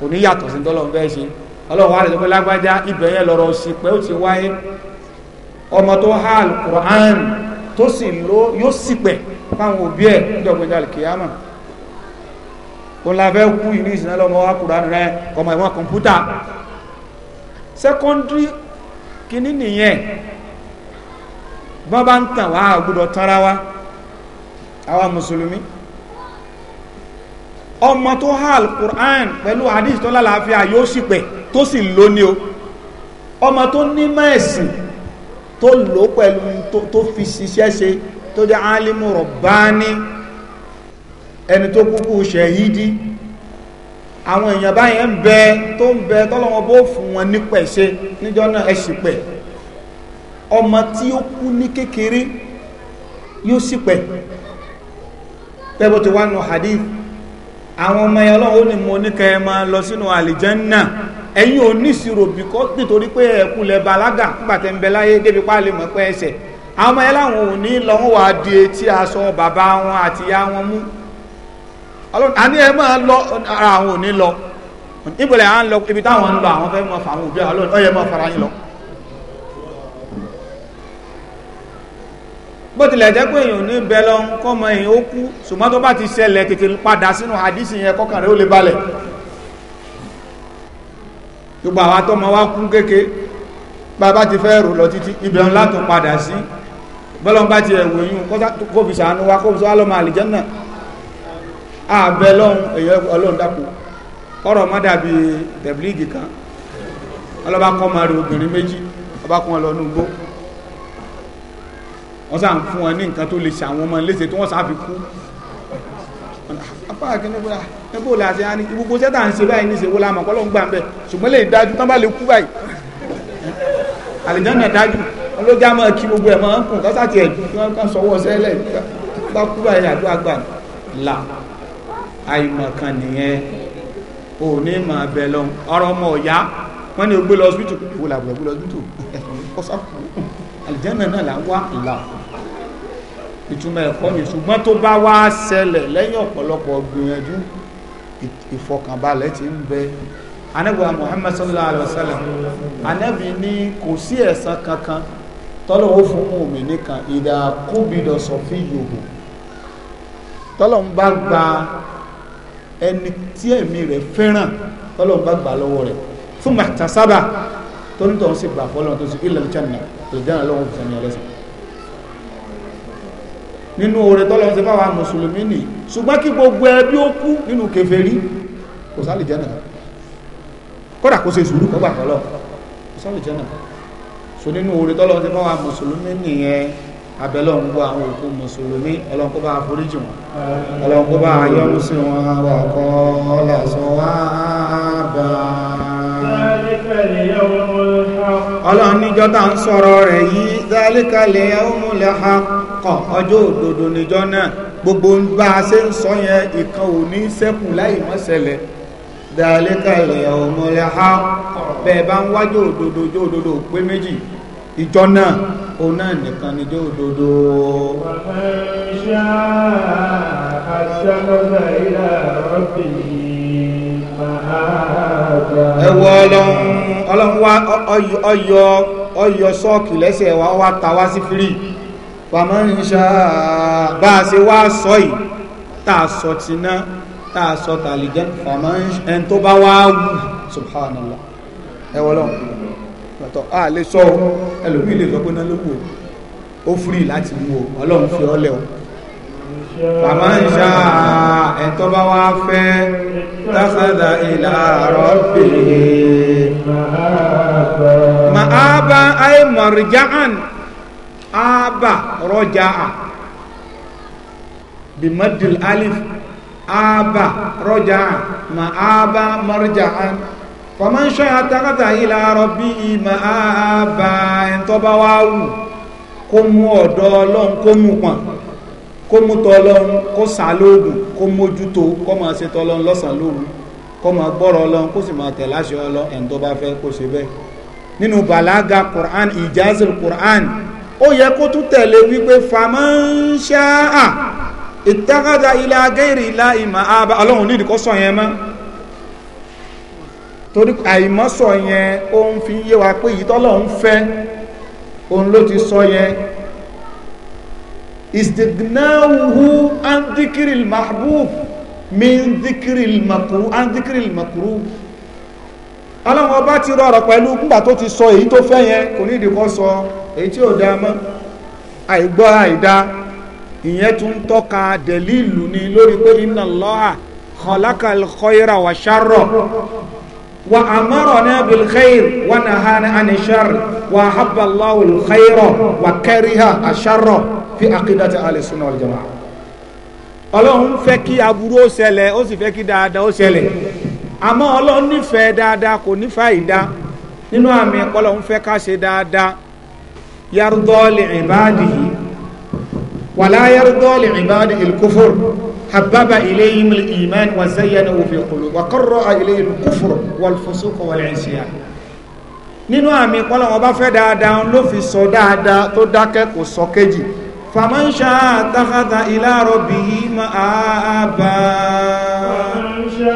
kò ní yàtọ̀ sí tọ́lọ́run fẹ́ ṣe ọlọ́run wà lẹ́sọ̀pẹ́ lágbájá ibẹ̀ yẹn lọ́rọ̀ sí pé ó ti wáyé ọmọ tó há alukur'an tó sì lọ yóò sì pẹ̀ fáwọn òbí ẹ̀ níjọ̀gbọ̀njà alìkèyàmà òun la fẹ́ kún ìlú ìsìnà lọ́mọ wa kùránù rẹ ọmọ ìwọ̀n kọ̀ǹpútà secondary kìíní nìyẹn bọ́n bá ń tàn wá àgbọ́dọ̀ tanra wa àwa mùsùlùmí ọmọ tó há alukur'an pẹ̀lú hadith tó lálàáfíà yóò sì pẹ̀ tó sì lóní o ọmọ tó ní mẹ́ẹ̀sì tó lò pẹ̀lú tó fi ṣiṣẹ́ ṣe tó jẹ́ alimu rọ̀báni ẹni tó kúkú ṣẹ̀yídí àwọn èèyàn báyẹn ń bẹ tó ń bẹ tọ́lọ́wọ́ bó fún wọn nípẹ̀ṣe níjọ́ náà ẹ̀sì pẹ̀ ọmọ tí ó kú ní kékeré yóò sì pẹ̀ pẹ́bó ti wá nù hadith àwọn ọmọ ẹ̀yà ọlọ́run ó ní mo ní kẹ́ máa lọ sínú àlìjẹ́nnà ẹ̀yin ò ní ìṣirò bíkọ́ nítorí pé ẹ̀kú lẹ balaga nígbàtẹ́ ń bẹ láyé débi pálí mọ̀ pẹ́ ẹsẹ̀ àwọn ọmọ ẹ̀yà láwọn ò ní lọ wọ́n di etí aṣọ bàbá wọn àti wọn mú àní ẹ máa lọ ara àwọn òní lọ ìbòlẹ̀ à ń lọ ibi táwọn ń lọ àwọn fẹ́ mọ fàwọn òbí ọlọ́run ọyẹ mọ fara yín lọ. bó tilẹ̀ jẹ́ pé èèyàn ní bẹ lọ kọ́ mọ èèyàn ó kú ṣùgbọ́n tó bá ti ṣẹlẹ̀ tètè padà sínú àdísì yẹn kọ́kàn rẹ̀ ó lè balẹ̀ gbogbo àwọn atọ́mọ wa kún kéke bàbá ti fẹ́ rò lọ títí ibẹ̀ ńlá tó padà sí bọ́lọ́n bá ti ẹ̀wò yún àbẹ̀ lọ́hun èyàn ọlọ́run dákò ọ̀rọ̀ mọ́ dàbí tẹ̀blíìgì kan ọlọ́ba kọ́ máa rí obìnrin méjì ọba kan lọ ní ugbó wọ́n sáà ń fún wọn ní nǹkan tó lè ṣe àwọn ọmọ léṣe tí wọ́n sáà fi kú apá akínúgbà níbo là ṣe á ní gbogbo sẹ́tà ń ṣe báyìí ní ìṣèwọ́ láàmú ọ̀pọ̀lọ́ ń gbà ń bẹ̀ ṣùgbọ́n lè dájú tán bá lè kú báyìí àlìjánà dájú olóògbé àmọ́ kí gbogbo ẹ̀ máa ń kùn kásàtì ẹ̀jú kí wọ́n kàn sọwọ́ sẹ́lẹ̀ bá kú báyìí àdúrà gbà là àìmọ̀kan nìyẹn ò ní ma bẹ̀ lọ ọmọ ọ̀yá wọn ni ogbe lọ hospital wò làbúrò gbé lọ hospital <laughs> kọ́sàkù àlìjẹ́nà náà là ń wá ìlà ìtumọ̀ ẹ̀kọ́ ṣùgbọ́n tó bá wá ṣẹlẹ̀ lẹ́yìn ọ̀pọ̀lọpọ̀ gbìyànjú ìfọkànbalẹ̀ ti ń bẹ anẹ́gbà sallallahu ní kò sí kankan fún nìkan fi tọ́lọ̀ ń bá gba ẹni tí ẹ̀mí rẹ̀ fẹ́ràn tọ́lọ́n bá gbà lọ́wọ́ rẹ̀ fún màtà sábà tó ní tọ́hún sí gbà fọ́lọ́n tó sì ilẹ̀ ìjànà ìjànà lọ́wọ́ ìjànà ẹlẹ́sìn nínú oore tọ́lọ́n sí fáwọn mùsùlùmí nì ṣùgbọ́n kí gbogbo ẹbí ó kú nínú kèfèrí kò sálì jẹ́nà kódà kó ṣe sùúrù kọ́gbà fọ́lọ́ kò sálì jẹ́nà so nínú oore tọ́lọ́n sí fáwọn mùsùlùmí nìyẹn abẹ́lẹ̀ ń gbọ́ àwọn òkú mùsùlùmí ọlọ́run kó bá foríjì wọn ọlọ́run kó bá yọ́nú sí wọn wà kọ́ lọ́sọ̀ wá bá ọlọ́run níjọ́ tá ń sọ̀rọ̀ rẹ̀ yìí dálékalẹ̀ ọmọlẹ̀ ha kọ̀ ọjọ́ òdodo níjọ́ náà gbogbo bá a ṣe ń sọ yẹn ìkan ò ní ṣẹ́kù láì mọ́ dálékalẹ̀ ọmọlẹ̀ ha bẹ́ẹ̀ bá ń wájú òdodo ojú méjì ìjọ náà òun náà nìkan ni jẹ́ òdodo ẹwọ ọlọ́run ọyọ ọyọ sọ́ọ̀kì lẹ́sẹ̀ wa wá ta wá sí fírí pàmọ́ ń ṣá bá a ṣe wá sọ yìí tá a sọ ti ná tá a sọ tàlìjẹ́ pàmọ́ ẹni tó bá wá wù subhanallah ẹwọ ọlọ́run pàtó a lè sọ ọ ẹlòmíì lè sọ pé náà ló wù ó fúri láti mú o ọlọ́run fi ọ lẹ̀ o bàmá ń ṣá ẹ̀tọ́ bá wá fẹ́ tásádà ìlà rọ́bì màábà ayé mọ̀rìjáàn ábà rọ́jà à bìmọ̀dìl alif ábà rọ́jà à màábà mọ̀rìjáàn fọmọ́ ń ṣọ́ àtàkàtà ìlà rọ̀bí ìmọ̀ àbá ẹ̀ńtọ́bá wá wù kó mú ọ̀dọ̀ ọlọ́run kó mú pọ̀n kó mú tọlọ́run kó sà lóògùn kó mójútó kó máa ṣe tọlọ́run lọ́sàn lóògùn kó máa gbọ́rọ̀ ọlọ́run kó sì máa tẹ̀lé àṣẹ ọlọ́run ẹ̀ńtọ́bá fẹ́ kó ṣe bẹ́ẹ̀ nínú bàlágà Qur'an ìjázìl Qur'an ó yẹ kó tún tẹ̀lé wípé fàmọ́ńṣáà ìtàkàtà ìlà gẹ́rì ìlà ìmọ̀ àbá ọlọ́run nídìí kó sọ yẹn mọ́ torí àìmọ́sọ̀ yẹn ó ń fi yé wa pé ìtọ́lọ̀ ń fẹ́ òun ló ti sọ yẹn istighnawuhu an dhikril mahbub min dhikril makru an dhikril makru ọlọ́run ọba ti rọrọ̀ pẹ̀lú nígbà tó ti sọ èyí tó fẹ́ yẹn kò ní ìdíkọ́ sọ èyí tí ò dáa mọ́ àìgbọ́ àìdá ìyẹn tún tọ́ka dẹ̀líìlù ni lórí pé inna Allaha khalaqal khayra wa sharra وأمرنا بالخير ونهانا عن الشر وأحب الله الخير وكره الشر في عقيدة أهل السنة والجماعة ọlọ́run fẹ́ kí aburú ó ṣẹlẹ̀ ó sì fẹ́ kí dáadáa ó ṣẹlẹ̀ àmọ́ ọlọ́run nífẹ̀ẹ́ dáadáa kò ní fàyídá nínú àmì ọlọ́run fẹ́ ká ṣe dáadáa yàrúdọ́ọ̀lì ìbáàdì yìí wàlá yàrúdọ́ọ̀lì ìbáàdì ìlkúfòrò hababa ilayhim al-iman wa zayyanahu fi qulub wa karraha ilayhim al-kufr wal-fusuq wal-isyan nínú àmì pọ́lọ́wọ́ bá fẹ́ dáadáa ló fi sọ dáadáa tó dákẹ́ kò sọ kéjì fàmánṣá àtàkàtà ila rabbihi ma'aba fàmánṣá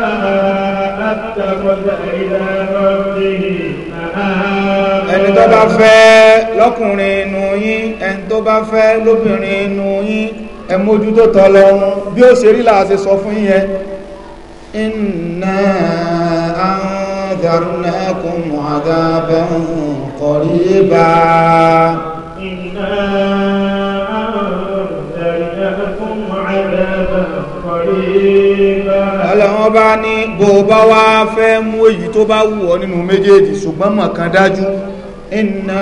àtàkàtà ila rabbihi ma'aba ẹni tó bá fẹ́ lọ́kùnrin inú yín ẹni tó bá fẹ́ lóbìnrin inú yín ẹ mójútó tọ́ lọ́run bí ó ṣe rí láàṣẹ sọ fún yẹn inna anzarnakum adhaban qariba inna anzarnakum adhaban qariba ọlọ́run bá ní bó bá wá fẹ́ mú èyí tó bá wù nínú méjèèjì ṣùgbọ́n mọ̀ dájú inna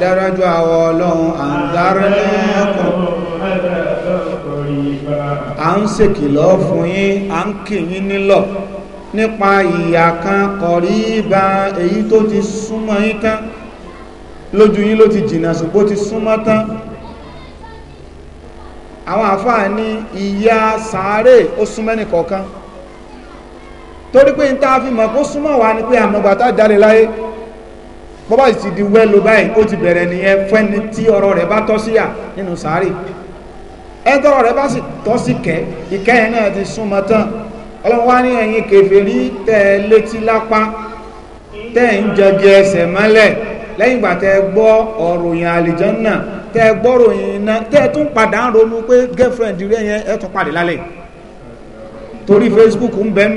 dárájú àwọn ọlọ́run anzarnakum à ń ṣèkìlọ̀ fún yín à ń kì yín nílọ̀ nípa ìyà kan kọ̀rí ba èyí tó ti súnmọ́ yín tán lójú yín ló ti jìnnà ṣùgbọ́n ti súnmọ́ tán àwọn àfáà ní ìyà sàárè ó súnmẹ́nì kọ̀ọ̀kan torí pé n ta fi mọ̀ kó súnmọ́ wa ni pé àmọ́gbà tá jáde láyé bọ́bá sì ti di wẹ́lo báyìí ó ti bẹ̀rẹ̀ nìyẹn fẹ́ni tí ọ̀rọ̀ rẹ̀ bá tọ́ síyà nínú sàárè ẹni tọ́rọ̀ rẹ̀ bá sì tọ́ sí kẹ́ ìkẹ́ yẹn náà ti súnmọ́ tán ní ẹ̀yin kèfèrí tẹ́ ẹ létí lápá tẹ́ ẹ ń jẹbi ẹsẹ̀ mọ́lẹ̀ lẹ́yìn ìgbà tẹ́ ẹ gbọ́ tẹ́ ẹ gbọ́ tẹ́ ẹ tún Facebook ń ń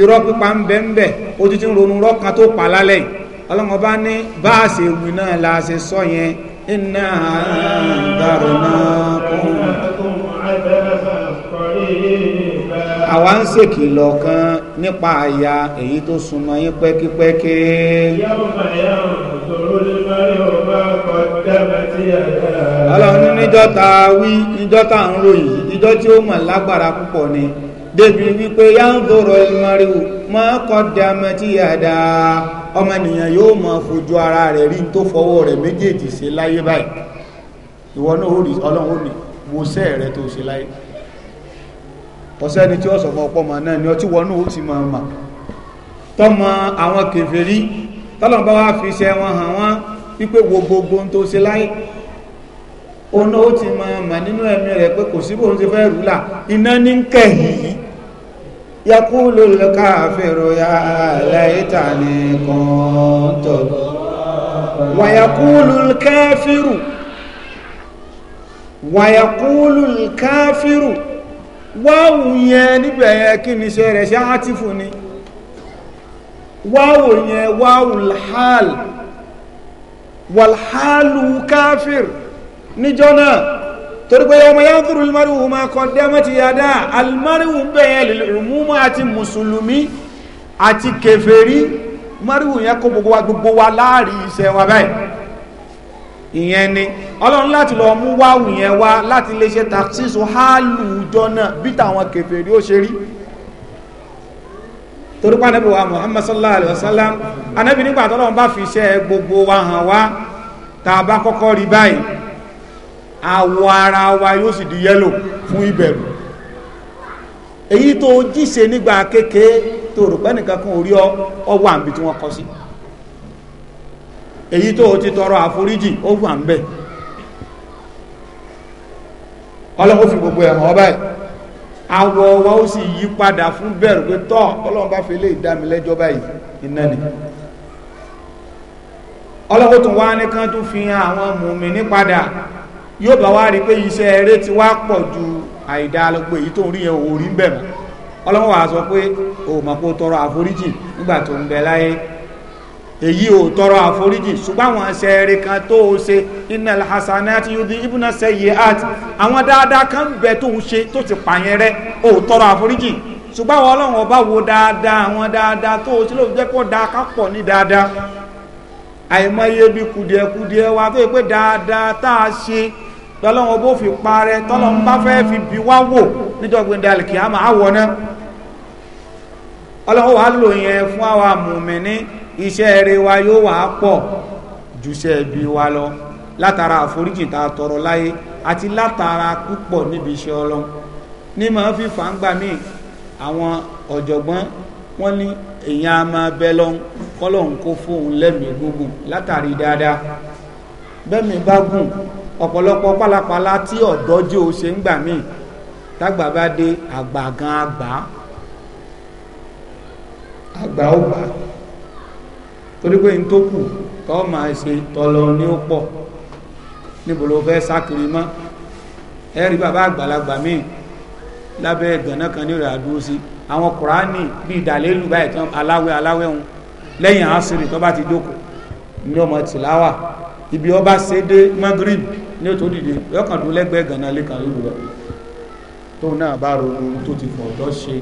irọ́ pípa ń ń ń ronú náà la ṣe sọ yẹn إنا أنذرناكم àwa ń ṣèkìlọ̀ kan nípa àyà èyí tó súnmọ́ yín pẹ́kípẹ́kí. ọlọ́run níjọ́ tá wí níjọ́ tá ń ròyìn níjọ́ tí ó mọ̀ lágbára púpọ̀ ni. débi wípé yáǹdòrò ìmọ̀ríwò máa kọ́ dàmẹ́ tí yàdá ọmọnìyàn yóò máa fojú ara rẹ̀ rí tó fọwọ́ rẹ̀ méjèèjì ṣe láyé báyìí ìwọ náà ó rí ọlọ́run ó ní wo sẹ́ẹ̀ rẹ tó sí láyé ni tí ó sọ̀fọ̀ ọ̀pọ̀ mọ̀ náà ni ọtí wọnú ó ti tọ́mọ àwọn kèfèrí tọ́lọ̀ wá fi wọn hàn wọ́n wípé wo gbogbo tó ṣe láyé òun náà ó ti nínú ẹ̀mí rẹ̀ pé kò síbò bóun ṣe fẹ́ rúlà iná ní ń kẹ̀yìn يقول الكافر يا ليتني كنت ويقول الكافر ويقول الكافر wáwù yẹn níbẹ̀ yẹn kí ni ṣe rẹ̀ ṣe átífù ni wáwù yẹn wáwù lhal wàlhálù káfíìr níjọ́ náà torí pé ọmọ yá ń tóró almaru ma kọ dẹ́mọ́tì yàdá almaru bẹ́ẹ̀ lùmúmú àti mùsùlùmí àti kèfèrí maru yẹn kó gbogbo wa gbogbo wa láàrin iṣẹ́ wa báyìí ìyẹn ni ọlọ́run láti lọ mú wáwù yẹn wá láti lè ṣe taxiso hálù ìjọ náà bí tàwọn kèfèrí ó ṣe rí torí pa wa muhammad sallallahu alaihi wasallam anabi bá fi iṣẹ́ gbogbo wa hàn wá tá kọ́kọ́ rí báyìí àwọ̀ ara wa yóò sì di yẹ́lò fún ìbẹ̀rù èyí tó jíṣe nígbà kékeré tó rò pé nìkan kan orí ọ wà níbi tí wọ́n kọ sí èyí tó ti tọrọ àforíjì ó wà ń bẹ̀ ọlọ́wọ́ fi gbogbo ẹ̀hàn ọba àwọ̀ wa ó sì yí padà fún bẹ̀rù pé tọ́ ọlọ́run bá fi lè dá mi lẹ́jọ́ báyìí iná ni ọlọ́wọ́ tún wá ní kán tún fi hàn àwọn mùmí ní padà yóò bá wá rí pé iṣẹ́ eré ti wá pọ̀ ju àìdá lọ́gbọ̀ èyí tó ń rí yẹn ò ń bẹ̀ mọ́ ọlọ́wọ́ wa sọ pé o mọ̀ kó tọrọ àforíjì nígbà tó ń bẹ láyé èyí ò tọrọ àforíjì ṣùgbọ́n àwọn ẹsẹ̀ eré kan tó o ṣe iná hasanati yudi ibùnà sẹ́yẹ art àwọn dáadáa kan ń bẹ tó ń ṣe tó ti pààyàn rẹ o tọrọ àforíjì ṣùgbọ́n àwọn ọlọ́wọ́ bá wo dáadáa àwọn dáadáa tó o ṣe ló jẹ́ pọ̀ dáa ká pọ̀ ní dáadáa àìmọye bí kùdìẹ̀kùdìẹ̀ wa tó yẹ pé dáadáa tá a ṣe tọ́lọ́wọ́n bó fi parẹ́ tọ́lọ́wọ́n bá fẹ́ fi bí wá wò nítorí dàlìkì àmà àwọ̀ náà ọlọ́wọ́ wà lò yẹn fún àwa mùmíní iṣẹ́ rere wa yóò wà pọ̀ jùṣẹ́ bí wa lọ látara àforíjì a tọrọ láyé àti látara púpọ̀ níbi iṣẹ́ ọlọ́ ní màá fi fàǹgbà míì àwọn ọ̀jọ̀gbọ́n wọ́n ní èèyàn a máa bẹ lọ́n kọ́lọ́n kó fóun lẹ́mìí gúngùn látàrí dáadáa bẹ́ẹ̀ bá gùn ọ̀pọ̀lọpọ̀ pálapàla tí ọ̀dọ́jú o ṣe ń gbà míì tágbà bá dé àgbà gan àgbà àgbà ó gbà torí pé n tó kù tọ́ máa ṣe tọlọ ní ó pọ̀ níbo ló fẹ́ sákiri mọ́ ẹ rí bàbá àgbàlagbà míì lábẹ́ ẹ̀gànnà kan ní ìrìn àdúró sí àwọn kùránì bíi ìdàlélù báyìí tán aláwẹ̀ aláwẹ̀ ń lẹ́yìn àásìrì tó bá ti dókò ní ọmọ tìláwà ibi ọba ṣe dé magrib ní ètò dìde yọkàn tó lẹ́gbẹ̀ẹ́ gànà lè kàn lóru lọ tó náà bá ronú tó ti fọ̀ ọ̀dọ́ ṣe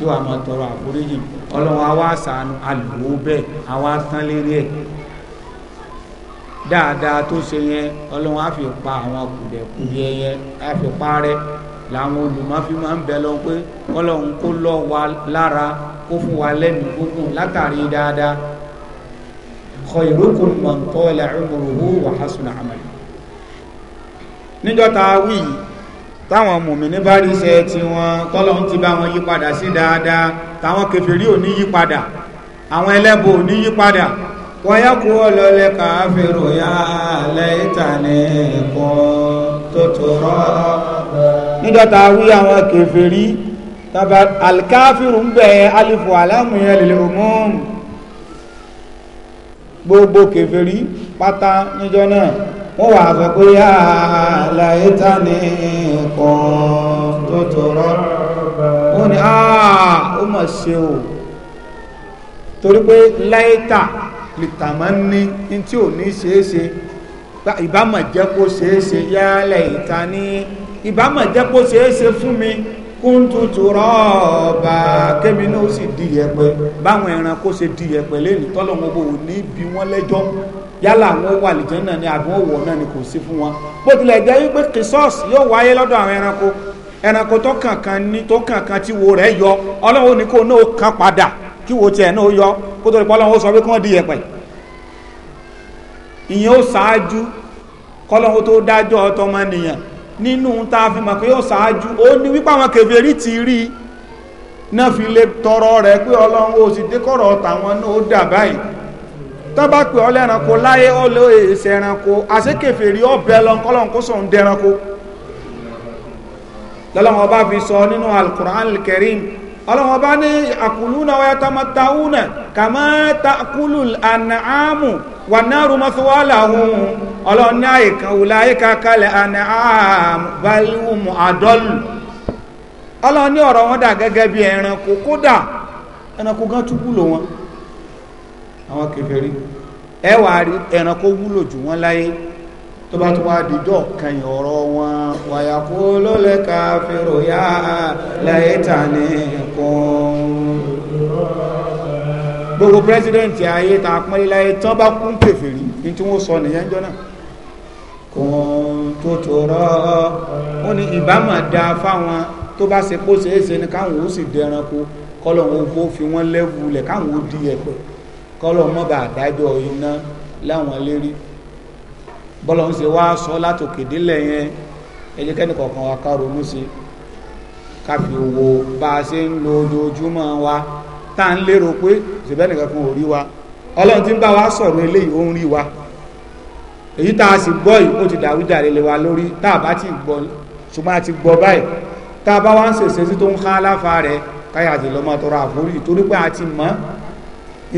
yóò wá máa tọrọ àforíjì ọlọ́run àwa àṣàánú àlùwò bẹ́ẹ̀ àwa tán lérí ẹ̀ dáadáa tó ṣe yẹn ọlọ́run á fi pa àwọn kùdẹ̀kùdẹ̀ yẹn á fi parẹ́ làwọn olùmọ̀ fi máa ń bẹ lọ pé ọlọ́run kó lọ́ wa lára kó fún wa lẹ́nu gúngùn látàrí dáadáa khairukum man tala umruhu wa hasuna amali níjọ́ta wí táwọn mùmíní bá rí iṣẹ́ tí wọ́n tọ́lọ́hun ti bá wọn yí padà sí dáadáa táwọn kèfèrí ò ní yí padà àwọn ẹlẹ́bọ ò ní yí padà wọ́n yá kú ọlọ́lẹ̀ káfíìrò yá lẹ́ìtàní ẹ̀kọ́ tó tó rọ́ níjọ́ta wí àwọn kèfèrí tàbí alkáfíìrù ń bẹ alifu alámùyẹn lè rùmọ́ọ̀mù gbogbo kèfèrí pátá níjọ́ náà wọ́n wà fẹ́ pé yá láyé tá ní kan tó tó rọ́ wọ́n ni àà ó mọ̀ ṣe o torí pé láyé tà lìtàmọ́ ní ní tí ò ní ṣeéṣe ìbámọ̀ jẹ́ kó ṣeéṣe yá láyé tá ní ìbámọ̀ jẹ́ kó ṣeéṣe fún mi kúntùtù rọ́ọ̀bà kémi náà ó sì di yẹ̀pẹ̀ báwọn ẹranko ṣe di yẹ̀pẹ̀ lẹ́nu tọ́lọ́wọ́n bò ní bí wọ́n lẹ́jọ́ yálà la wà lìjẹ́ náà ni àbí wọn wọ̀ náà ni kò sí fún wọn bó tilẹ̀ jẹ́ wípé kìsọ́ọ̀sì yóò wáyé lọ́dọ̀ àwọn ẹranko ẹranko tó kankan ní tó kankan tí wo rẹ̀ yọ ọlọ́run ní kó náà kan padà kí wo tiẹ̀ náà yọ kó tó lè pọ́ ọlọ́run ó sọ pé kí wọ́n di ìyẹn ó ṣáájú kọ́lọ́run tó dájọ́ ọtọmọnìyàn nínú tá a fi mọ̀ pé ó ṣáájú ó ní wípé àwọn ti rí náà fi lè tọrọ rẹ pé ọlọ́run ó sì náà ó tán bá pè ọ́ lẹ́ranko láyé ó lè ṣe ẹranko àṣekèfèrí ọ̀bẹ lọ́nkọ́lọ́n kó sọ̀n dẹranko lọ́lọ́wọ́ bá fi sọ nínú alukur'an kẹrin ọlọ́wọ́ bá ní àkùlúnà wa kama ta'kulul an'amu wà náà rúmọ́síwá làwọn ọlọ́ọ̀ní àyíká wùláyíká kalẹ̀ an'am balùm àdọ́lù ọ̀rọ̀ wọn dà gẹ́gẹ́ bí ẹranko kódà ẹranko gan túbú lò wọn àwọn kèfèrí ẹ wà rí ẹranko wúlò jù wọ́n láyé tó bá tó wá dìjọ́ kẹyìn ọ̀rọ̀ wọn wàyàkó ló lè ka fèrò yá láyé tà ní kan gbogbo pírẹsidẹ́ǹtì ayé ta pínlẹ̀ láyé tán bá kún kèfèrí ní tí wọ́n sọ nìyẹn jọ náà kún ó ní ìbámu da fáwọn tó bá ṣe kó ṣeéṣe ni káwọn ó sì dẹranko kọlọ̀ wọn fi wọ́n lẹ́wù lẹ̀ káwọn ó di ẹ̀pẹ̀ kọ́lọ̀ mọ́ba àdájọ́ iná láwọn lérí bọ́lọ̀ ń ṣe wá sọ látòkè délẹ̀ yẹn ẹjẹ́kẹ́ni kọ̀ọ̀kan wa ká ronú sí káfí wo bá a ṣe ń lo ojoojúmọ́ wa tá à ń lérò pé ṣèbẹ́nìkan fún orí wa ọlọ́run ti ń bá wa sọ̀rọ̀ eléyìí ó ń rí wa èyí tá a sì gbọ́ yìí ó ti dàrúdàrẹ́ lé wa lórí tá a bá ti gbọ́ ṣùgbọ́n a ti gbọ́ báyìí tá a bá wá ń ṣèṣe sí tó ń ká aláfa rẹ̀ káyà àti lọ́mọ tọrọ àforí torí pé a ti mọ̀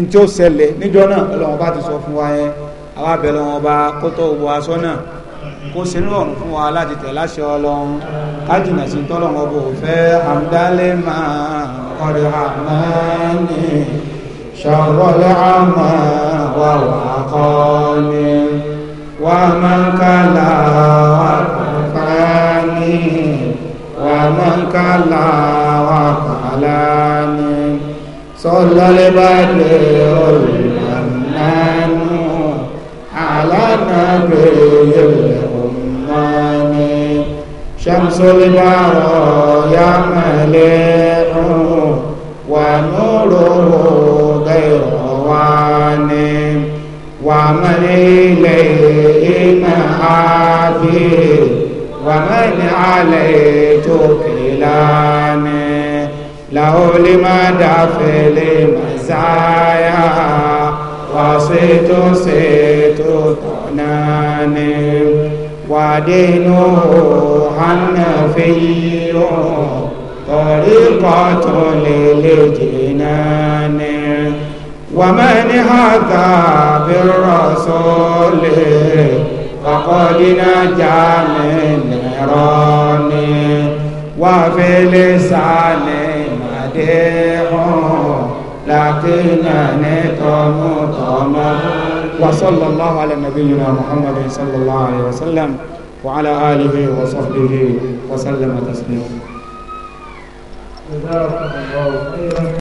n tí ó ṣẹlẹ̀ níjọ́ náà ọlọ́run bá ti sọ fún wa yẹn àwa bẹ̀rẹ̀ wọn bá kótó owó aṣọ náà kó ṣe ní ọ̀run fún wa láti tẹ̀ láṣẹ ọlọ́run kájìnà sí tọ́lọ́run ọbọ̀ òfẹ́ àmdálẹ́ máa ọ̀rẹ́ àmà ní ṣàrọ̀lẹ́ àmà wà wà kọ́ ni wà máa ń kálá wà kọ́kọ́ ní wà máa ń kálá wà kọ́lá ní. صلى البدر المنان على نبي الأمان شمس البرايا مليء ونوره غير وانم ومن إليه مآبي ومن عليه تكلاني له لمدى في المزايا وصيت صيت طعنان ودينه حنفي طريقة للجنان ومن هذا بالرسول فقد نجا من نيران وفي لسانه dẹ́hùn làkínàní tọmú tọmọ. wa sallallahu ala nabiyyina muhammadin sallallahu alayhi wa sallam wa ala alihi wa sahbihi wa sallama taslima.